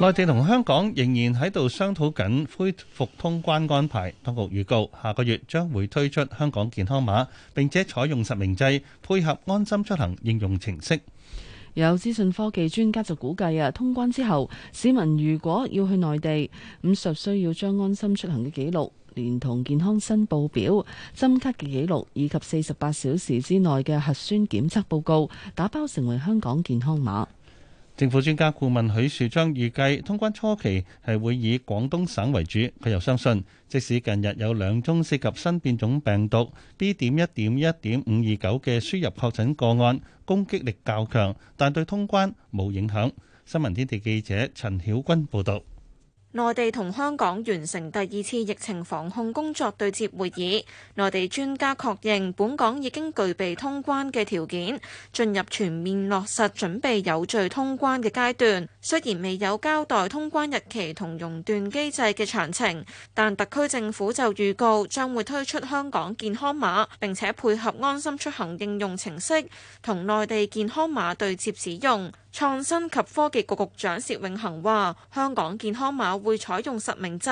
內地同香港仍然喺度商討緊恢復通關安排。當局預告下個月將會推出香港健康碼，並且採用實名制，配合安心出行應用程式。有資訊科技專家就估計啊，通關之後市民如果要去內地，咁就需要將安心出行嘅記錄連同健康申報表、針卡嘅記錄以及四十八小時之內嘅核酸檢測報告，打包成為香港健康碼。政府專家顧問許樹昌預計，通關初期係會以廣東省為主，佢又相信，即使近日有兩宗涉及新變種病毒 B 點一點一點五二九嘅輸入確診個案，攻擊力較強，但對通關冇影響。新聞天地記者陳曉君報道。內地同香港完成第二次疫情防控工作對接會議，內地專家確認本港已經具備通關嘅條件，進入全面落實準備有序通關嘅階段。雖然未有交代通關日期同熔斷機制嘅詳情，但特區政府就預告將會推出香港健康碼，並且配合安心出行應用程式同內地健康碼對接使用。創新及科技局局長薛永恆話：香港健康碼會採用實名制，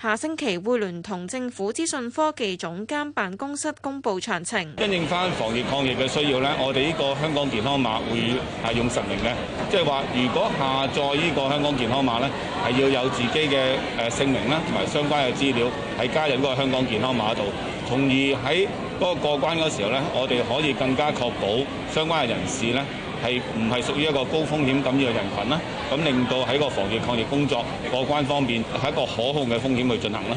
下星期會聯同政府資訊科技總監辦公室公布詳情。因應翻防疫抗疫嘅需要呢，我哋呢個香港健康碼會係用實名嘅，即係話如果下載呢個香港健康碼呢，係要有自己嘅誒姓名啦，同埋相關嘅資料，係加入嗰個香港健康碼度，從而喺嗰個過關嗰時候呢，我哋可以更加確保相關嘅人士咧。係唔係屬於一個高風險咁樣嘅人群咧？咁令到喺個防疫抗疫工作過關方面係一個可控嘅風險去進行啦。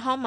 針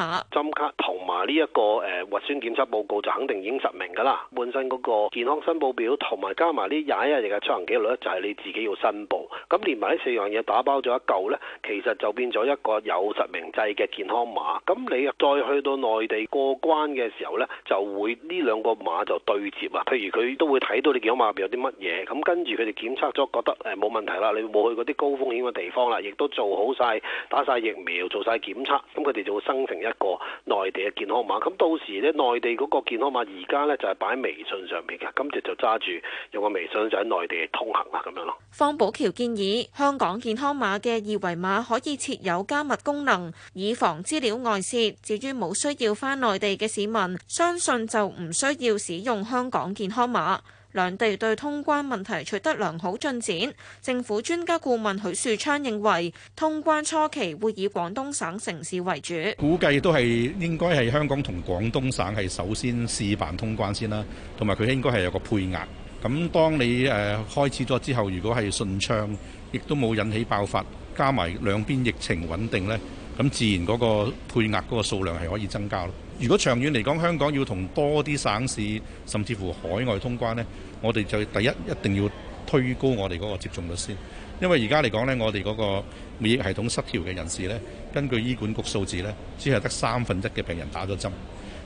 卡同埋呢一個誒核酸檢測報告就肯定已經實名噶啦，本身嗰個健康申報表同埋加埋呢廿一日嘅出行記錄呢，就係你自己要申報。咁連埋呢四樣嘢打包咗一嚿呢，其實就變咗一個有實名制嘅健康碼。咁你再去到內地過關嘅時候呢，就會呢兩個碼就對接啊。譬如佢都會睇到你健康碼入邊有啲乜嘢，咁跟住佢哋檢測咗，覺得誒冇問題啦，你冇去嗰啲高風險嘅地方啦，亦都做好晒打晒疫苗，做晒檢測，咁佢哋就會生。成一個內地嘅健康碼，咁到時呢，內地嗰個健康碼而家呢，就係擺喺微信上面嘅，今次就揸住用個微信就喺內地通行啦咁樣咯。方保僑建議香港健康碼嘅二維碼可以設有加密功能，以防資料外洩。至於冇需要翻內地嘅市民，相信就唔需要使用香港健康碼。兩地對通關問題取得良好進展，政府專家顧問許樹昌認為，通關初期會以廣東省城市為主，估計都係應該係香港同廣東省係首先試辦通關先啦，同埋佢應該係有個配額。咁當你誒開始咗之後，如果係順暢，亦都冇引起爆發，加埋兩邊疫情穩定呢。咁自然嗰個配額嗰個數量係可以增加咯。如果長遠嚟講，香港要同多啲省市甚至乎海外通關呢，我哋就第一一定要推高我哋嗰個接種率先。因為而家嚟講呢，我哋嗰個免疫系統失調嘅人士呢，根據醫管局數字呢，只係得三分一嘅病人打咗針。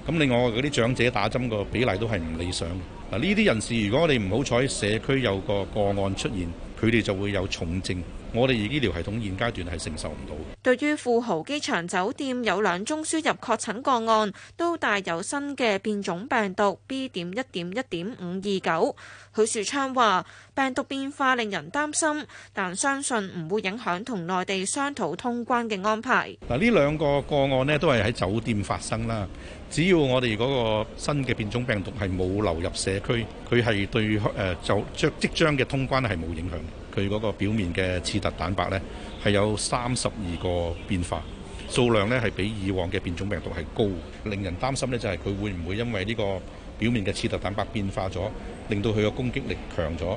咁另外嗰啲長者打針個比例都係唔理想。嗱，呢啲人士如果你唔好彩社區有個個案出現，佢哋就會有重症。我哋而醫療系統現階段係承受唔到。對於富豪機場酒店有兩宗輸入確診個案，都帶有新嘅變種病毒 B. 點一點一點五二九。許樹昌話：病毒變化令人擔心，但相信唔會影響同內地商討通關嘅安排。嗱，呢兩個個案呢都係喺酒店發生啦。只要我哋嗰個新嘅變種病毒係冇流入社區，佢係對誒就即將嘅通關係冇影響。佢嗰個表面嘅刺突蛋白咧係有三十二個變化數量咧，係比以往嘅變種病毒係高，令人擔心咧就係佢會唔會因為呢個表面嘅刺突蛋白變化咗，令到佢嘅攻擊力強咗，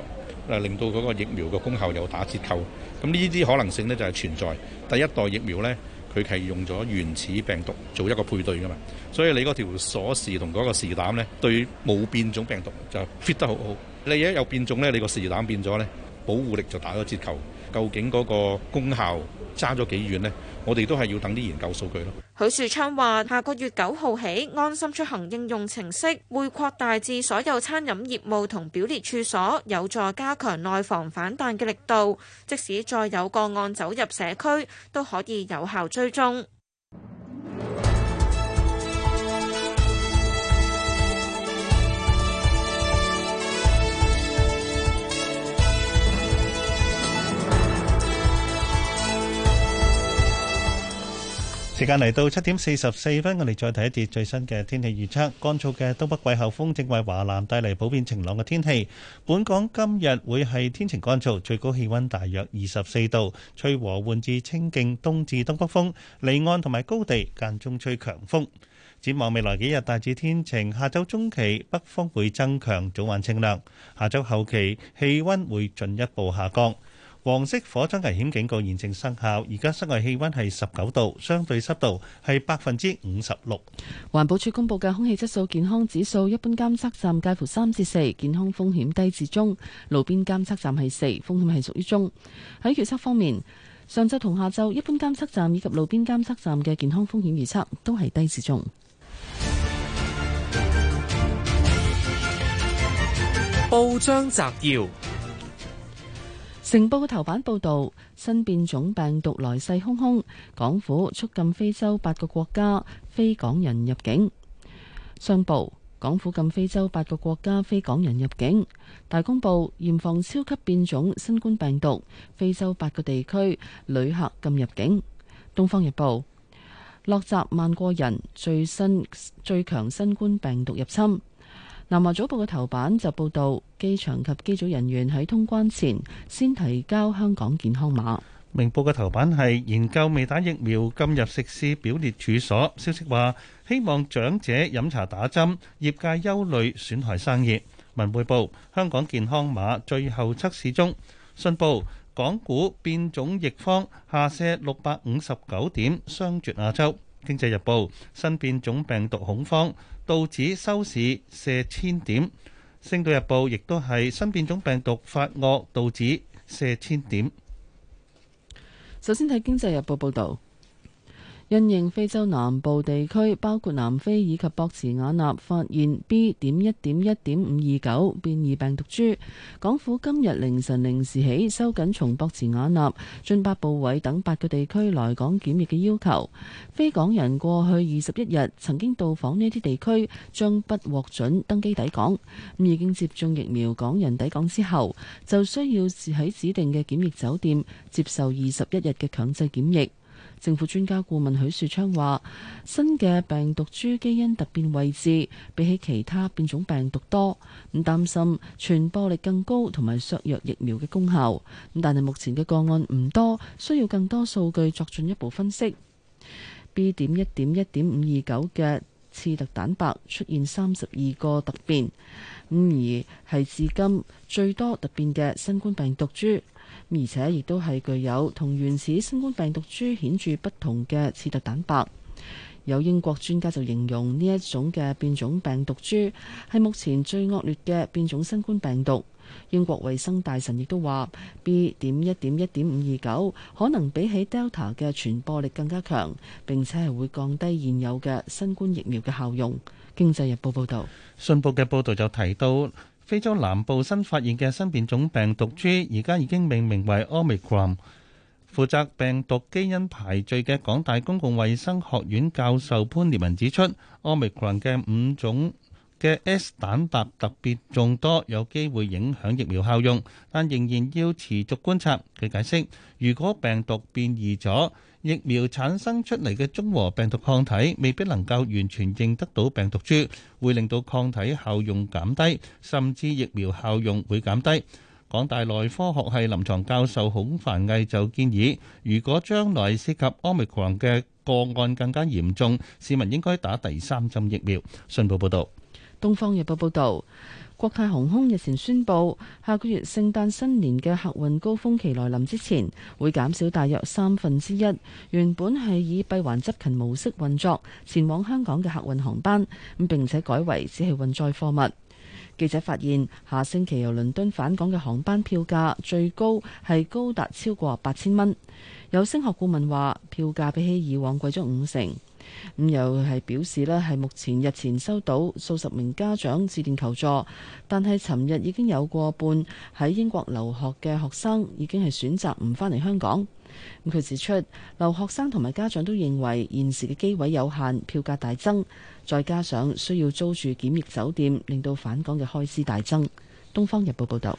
誒令到嗰個疫苗嘅功效又打折扣。咁呢啲可能性咧就係存在第一代疫苗咧，佢係用咗原始病毒做一個配對噶嘛，所以你嗰條鎖匙同嗰個匙膽咧對冇變種病毒就 fit 得好好。你一有變種咧，你個匙膽變咗咧。保護力就打咗折扣，究竟嗰個功效差咗幾遠呢？我哋都係要等啲研究數據咯。許樹昌話：下個月九號起，安心出行應用程式會擴大至所有餐飲業務同表列處所，有助加強內防反彈嘅力度。即使再有個案走入社區，都可以有效追蹤。時間嚟到七點四十四分，我哋再睇一節最新嘅天氣預測。乾燥嘅東北季候風正為華南帶嚟普遍晴朗嘅天氣。本港今日會係天晴乾燥，最高氣溫大約二十四度，吹和緩至清勁東至東北風，離岸同埋高地間中吹強風。展望未來幾日大致天晴，下周中期北風會增強，早晚清涼。下周後期氣溫會進一步下降。黃色火災危險警告現正生效，而家室外氣溫係十九度，相對濕度係百分之五十六。環保署公布嘅空氣質素健康指數，一般監測站介乎三至四，健康風險低至中；路邊監測站係四，風險係屬於中。喺預測方面，上晝同下晝一般監測站以及路邊監測站嘅健康風險預測都係低至中。報章摘要。成報頭版報道，新變種病毒來勢洶洶，港府促禁非洲八個國家非港人入境。商報，港府禁非洲八個國家非港人入境。大公報，嚴防超級變種新冠病毒，非洲八個地區旅客禁入境。東方日報，落閘萬國人，最新最強新冠病毒入侵。南華早報嘅頭版就報道，機場及機組人員喺通關前先提交香港健康碼。明報嘅頭版係研究未打疫苗禁入食肆表列處所，消息話希望長者飲茶打針，業界憂慮損害生意。文匯報：香港健康碼最後測試中。信報：港股變種疫方下瀉六百五十九點，雙絕亞洲。經濟日報：新變種病毒恐慌。道指收市瀉千點，星島日報亦都係新變種病毒發惡，道指瀉千點。首先睇經濟日報報導因應非洲南部地區，包括南非以及博茨瓦納，發現 B. 點一點一點五二九變異病毒株，港府今日凌晨零時起，收緊從博茨瓦納、津巴布韋等八個地區來港檢疫嘅要求。非港人過去二十一日曾經到訪呢啲地區，將不獲准登機抵港。已經接種疫苗港人抵港之後，就需要住喺指定嘅檢疫酒店，接受二十一日嘅強制檢疫。政府專家顧問許樹昌話：新嘅病毒株基因突變位置比起其他變種病毒多，咁擔心傳播力更高同埋削弱疫苗嘅功效。但係目前嘅個案唔多，需要更多數據作進一步分析。B 點一點一點五二九嘅刺突蛋白出現三十二個突變，咁而係至今最多突變嘅新冠病毒株。而且亦都係具有同原始新冠病毒株顯著不同嘅刺突蛋白。有英國專家就形容呢一種嘅變種病毒株係目前最惡劣嘅變種新冠病毒。英國衞生大臣亦都話：B. 點一點一點五二九可能比起 Delta 嘅傳播力更加強，並且係會降低現有嘅新冠疫苗嘅效用。經濟日報報導，信報嘅報導就提到。非洲南部新發現嘅新變種病毒株，而家已經命名為 Omicron。負責病毒基因排序嘅港大公共衛生學院教授潘烈文指出，Omicron 嘅五種嘅 S 蛋白特別眾多，有機會影響疫苗效用，但仍然要持續觀察。佢解釋，如果病毒變異咗，疫苗產生出嚟嘅中和病毒抗體未必能夠完全認得到病毒株，會令到抗體效用減低，甚至疫苗效用會減低。港大內科學系臨床教授孔凡毅就建議，如果將來涉及 Omicron 嘅個案更加嚴重，市民應該打第三針疫苗。信報報道，東方日報報道。國泰航空日前宣布，下個月聖誕新年嘅客運高峰期來臨之前，會減少大約三分之一原本係以閉環執勤模式運作前往香港嘅客運航班，並且改為只係運載貨物。記者發現，下星期由倫敦返港嘅航班票價最高係高達超過八千蚊。有升學顧問話，票價比起以往貴咗五成。咁又係表示咧，係目前日前收到數十名家長致電求助，但係尋日已經有過半喺英國留學嘅學生已經係選擇唔返嚟香港。咁佢指出，留學生同埋家長都認為現時嘅機位有限，票價大增，再加上需要租住檢疫酒店，令到返港嘅開支大增。《東方日報》報道。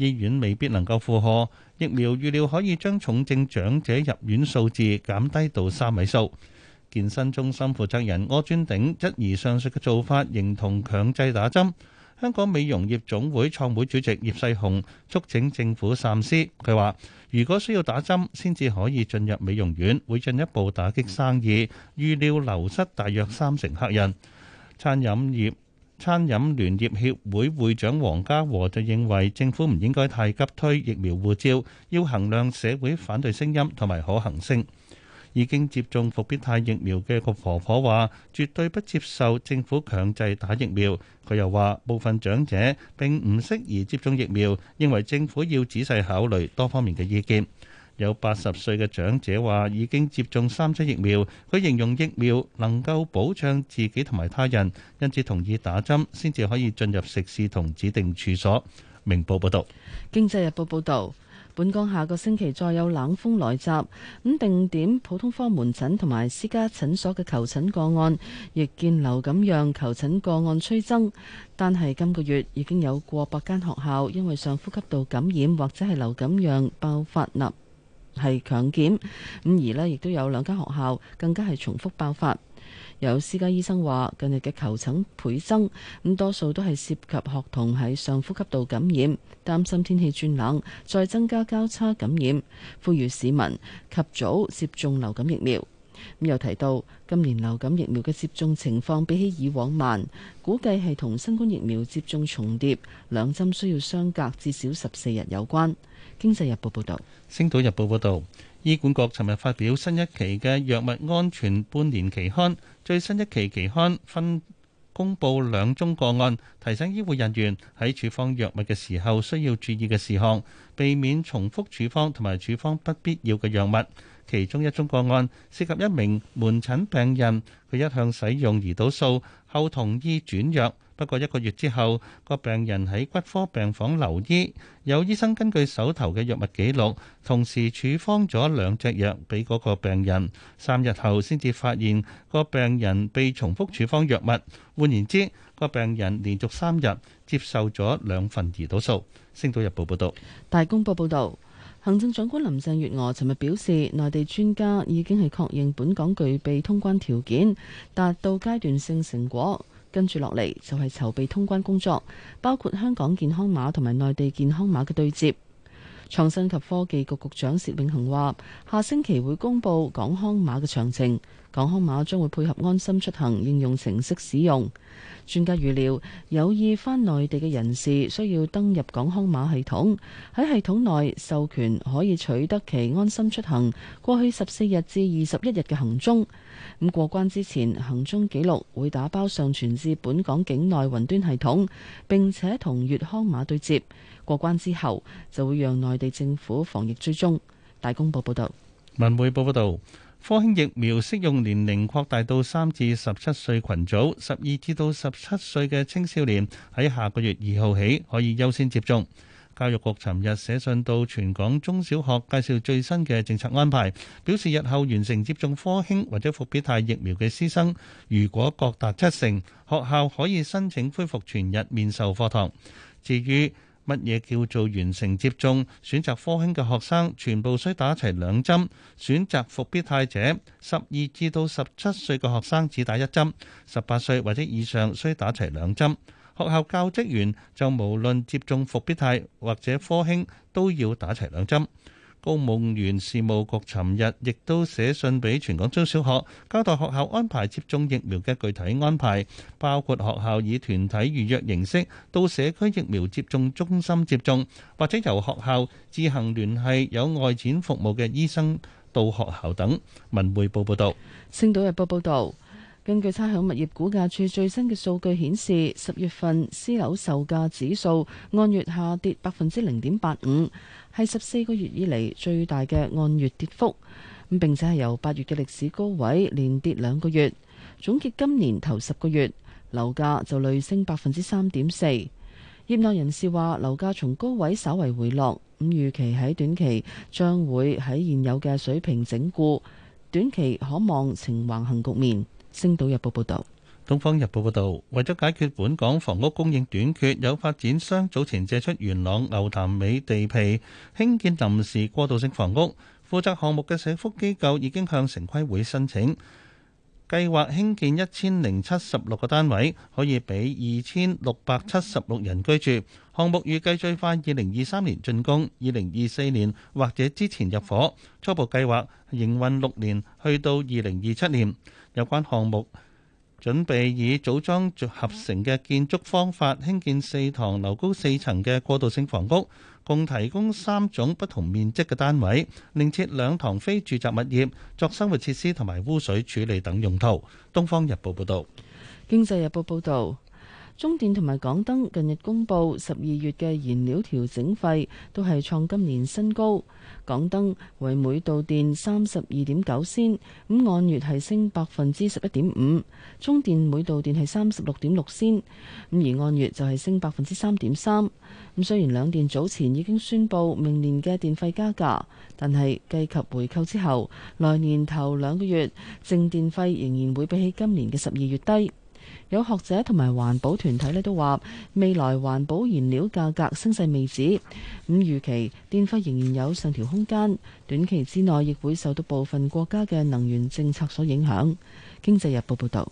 醫院未必能夠負荷疫苗，預料可以將重症長者入院數字減低到三位數。健身中心負責人柯尊鼎質疑上述嘅做法，認同強制打針。香港美容業總會創會主席葉世雄促請政府三思，佢話：如果需要打針先至可以進入美容院，會進一步打擊生意，預料流失大約三成客人。餐飲業餐飲聯業協會會長黃家和就認為，政府唔應該太急推疫苗護照，要衡量社會反對聲音同埋可行性。已經接種復必泰疫苗嘅個婆婆話，絕對不接受政府強制打疫苗。佢又話，部分長者並唔適宜接種疫苗，認為政府要仔細考慮多方面嘅意見。有八十歲嘅長者話：已經接種三劑疫苗，佢形容疫苗能夠保障自己同埋他人，因此同意打針先至可以進入食肆同指定處所。明報報道，《經濟日報》報道，本港下個星期再有冷風來襲。咁、嗯，定點普通科門診同埋私家診所嘅求診個案亦見流感樣求診個案趨增，但係今個月已經有過百間學校因為上呼吸道感染或者係流感樣爆發納。係強檢，咁而呢亦都有兩間學校更加係重複爆發。有私家醫生話，近日嘅求診倍增，咁多數都係涉及學童喺上呼吸道感染，擔心天氣轉冷，再增加交叉感染，呼籲市民及早接種流感疫苗。咁又提到，今年流感疫苗嘅接種情況比起以往慢，估計係同新冠疫苗接種重疊，兩針需要相隔至少十四日有關。經濟日報報道，星島日報報道，醫管局尋日發表新一期嘅藥物安全半年期刊，最新一期期刊分公佈兩宗個案，提醒醫護人員喺處方藥物嘅時候需要注意嘅事項，避免重複處方同埋處方不必要嘅藥物。其中一宗個案涉及一名門診病人，佢一向使用胰島素後同意轉藥，不過一個月之後個病人喺骨科病房留醫，有醫生根據手頭嘅藥物記錄，同時處方咗兩隻藥俾嗰個病人，三日後先至發現個病人被重複處方藥物，換言之，個病人連續三日接受咗兩份胰島素。星島日報報導，大公報報導。行政長官林鄭月娥尋日表示，內地專家已經係確認本港具備通關條件，達到階段性成果。跟住落嚟就係籌備通關工作，包括香港健康碼同埋內地健康碼嘅對接。創新及科技局局長薛永恆話：下星期會公布港康碼嘅詳情，港康碼將會配合安心出行應用程式使用。專家預料有意返內地嘅人士需要登入港康碼系統，喺系統內授權可以取得其安心出行過去十四日至二十一日嘅行蹤。咁過關之前，行蹤記錄會打包上傳至本港境內雲端系統，並且同粵康碼對接。過關之後，就會讓內地政府防疫追蹤。大公報報道，文匯報報道，科興疫苗適用年齡擴大到三至十七歲群組，十二至到十七歲嘅青少年喺下個月二號起可以優先接種。教育局尋日寫信到全港中小學介紹最新嘅政策安排，表示日後完成接種科興或者復必泰疫苗嘅師生，如果各達七成，學校可以申請恢復全日面授課堂。至於乜嘢叫做完成接種，選擇科興嘅學生全部需打齊兩針，選擇復必泰者，十二至到十七歲嘅學生只打一針，十八歲或者以上需打齊兩針。學校教職員就無論接種復必泰或者科興，都要打齊兩針。公務員事務局尋日亦都寫信俾全港中小學，交代學校安排接種疫苗嘅具體安排，包括學校以團體預約形式到社區疫苗接種中心接種，或者由學校自行聯繫有外展服務嘅醫生到學校等。文匯報報導，《星島日報》報導。根據差餉物業估價處最新嘅數據顯示，十月份私樓售價指數按月下跌百分之零點八五，係十四個月以嚟，最大嘅按月跌幅。咁並且係由八月嘅歷史高位連跌兩個月。總結今年頭十個月，樓價就累升百分之三點四。業內人士話，樓價從高位稍為回落，咁預期喺短期將會喺現有嘅水平整固，短期可望呈橫行局面。星島日報報道。東方日報報道，為咗解決本港房屋供應短缺，有發展商早前借出元朗牛潭尾地皮興建臨時過渡性房屋。負責項目嘅社福機構已經向城規會申請，計劃興建一千零七十六個單位，可以俾二千六百七十六人居住。項目預計最快二零二三年竣工，二零二四年或者之前入伙。初步計劃營運六年，去到二零二七年。有關項目準備以組裝合成嘅建築方法興建四堂樓高四層嘅過渡性房屋，共提供三種不同面積嘅單位，另設兩堂非住宅物業作生活設施同埋污水處理等用途。《東方日報》報道。《經濟日報》報道。中電同埋港燈近日公布十二月嘅燃料調整費，都係創今年新高。港燈為每度電三十二點九仙，咁按月係升百分之十一點五。中電每度電係三十六點六仙，咁而按月就係升百分之三點三。咁雖然兩電早前已經宣布明年嘅電費加價，但係計及回扣之後，來年頭兩個月淨電費仍然會比起今年嘅十二月低。有學者同埋環保團體呢都話，未來環保燃料價格升勢未止，咁預期電費仍然有上調空間，短期之內亦會受到部分國家嘅能源政策所影響。經濟日報報道。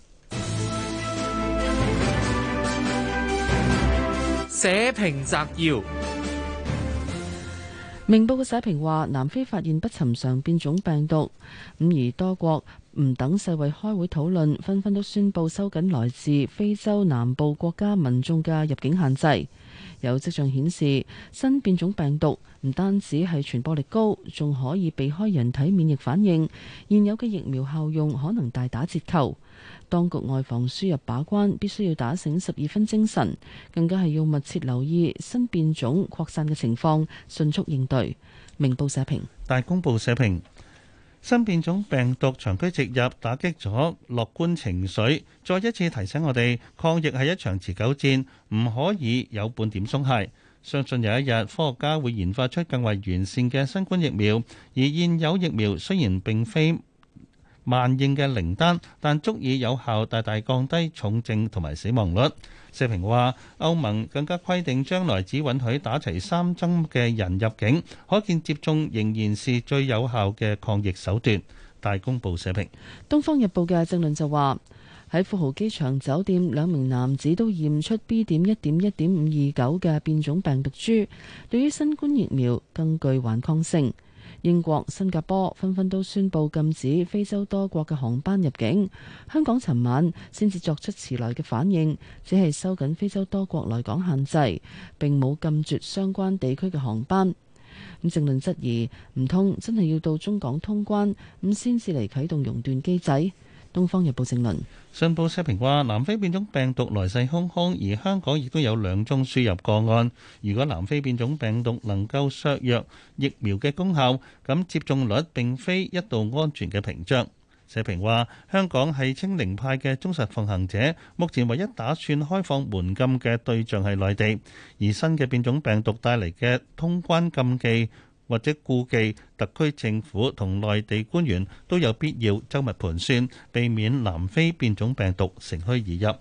社評摘要：明報嘅社評話，南非發現不尋常變種病毒，咁而多國。唔等世衛開會討論，紛紛都宣布收緊來自非洲南部國家民眾嘅入境限制。有跡象顯示，新變種病毒唔單止係傳播力高，仲可以避開人體免疫反應，現有嘅疫苗效用可能大打折扣。當局外防輸入把關，必須要打醒十二分精神，更加係要密切留意新變種擴散嘅情況，迅速應對。明報社評，大公報社評。新變種病毒長驅直入，打擊咗樂觀情緒，再一次提醒我哋抗疫係一場持久戰，唔可以有半點鬆懈。相信有一日，科學家會研發出更為完善嘅新冠疫苗，而現有疫苗雖然並非萬應嘅靈丹，但足以有效大大降低重症同埋死亡率。社評話，歐盟更加規定，將來只允許打齊三針嘅人入境，可見接種仍然是最有效嘅抗疫手段。大公報社評、東方日報嘅政論就話，喺富豪機場酒店，兩名男子都驗出 B 點一點一點五二九嘅變種病毒株，對於新冠疫苗更具頑抗性。英國、新加坡，紛紛都宣佈禁止非洲多國嘅航班入境，香港尋晚先至作出遲來嘅反應，只係收緊非洲多國來港限制，並冇禁絕相關地區嘅航班。咁政論質疑，唔通真係要到中港通關咁先至嚟啟動熔斷機制？《東方日報》正論，信報社評話：南非變種病毒來勢洶洶，而香港亦都有兩宗輸入個案。如果南非變種病毒能夠削弱疫苗嘅功效，咁接種率並非一道安全嘅屏障。社評話：香港係清零派嘅忠實奉行者，目前唯一打算開放門禁嘅對象係內地，而新嘅變種病毒帶嚟嘅通關禁忌。或者顧忌特區政府同內地官員都有必要周密盤算，避免南非變種病毒乘虛而入。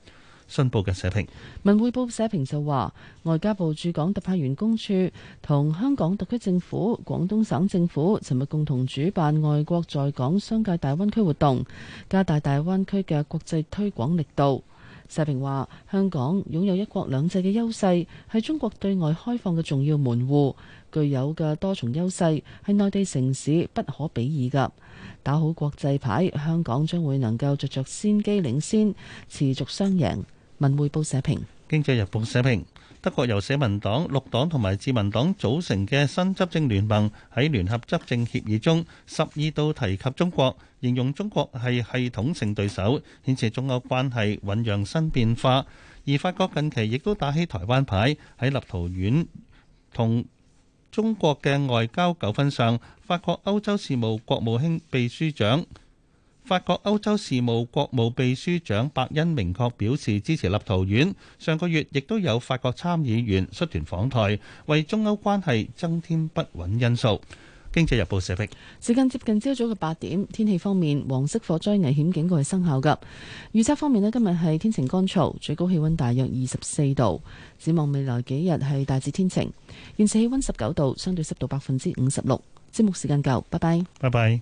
新報嘅社評，文匯報社評就話，外交部駐港特派員公署同香港特區政府、廣東省政府尋日共同主辦外國在港商界大灣區活動，加大大灣區嘅國際推廣力度。社評話：香港擁有一國兩制嘅優勢，係中國對外開放嘅重要門戶，具有嘅多重優勢係內地城市不可比擬㗎。打好國際牌，香港將會能夠着着先機領先，持續雙贏。文匯報社評，經濟日報社評。德國由社民黨、綠黨同埋自民黨組成嘅新執政聯盟喺聯合執政協議中，十二度提及中國，形容中國係系統性對手，顯示中歐關係醞釀新變化。而法國近期亦都打起台灣牌，喺立陶宛同中國嘅外交糾紛上，法國歐洲事務國務卿秘書長。法國歐洲事務國務秘書長白恩明確表示支持立陶宛。上個月亦都有法國參議員率團訪台，為中歐關係增添不穩因素。經濟日報社評。時間接近朝早嘅八點，天氣方面黃色火災危險警告係生效噶。預測方面咧，今日係天晴乾燥，最高氣溫大約二十四度。展望未來幾日係大致天晴，現時氣溫十九度，相對濕度百分之五十六。節目時間夠，拜拜。拜拜。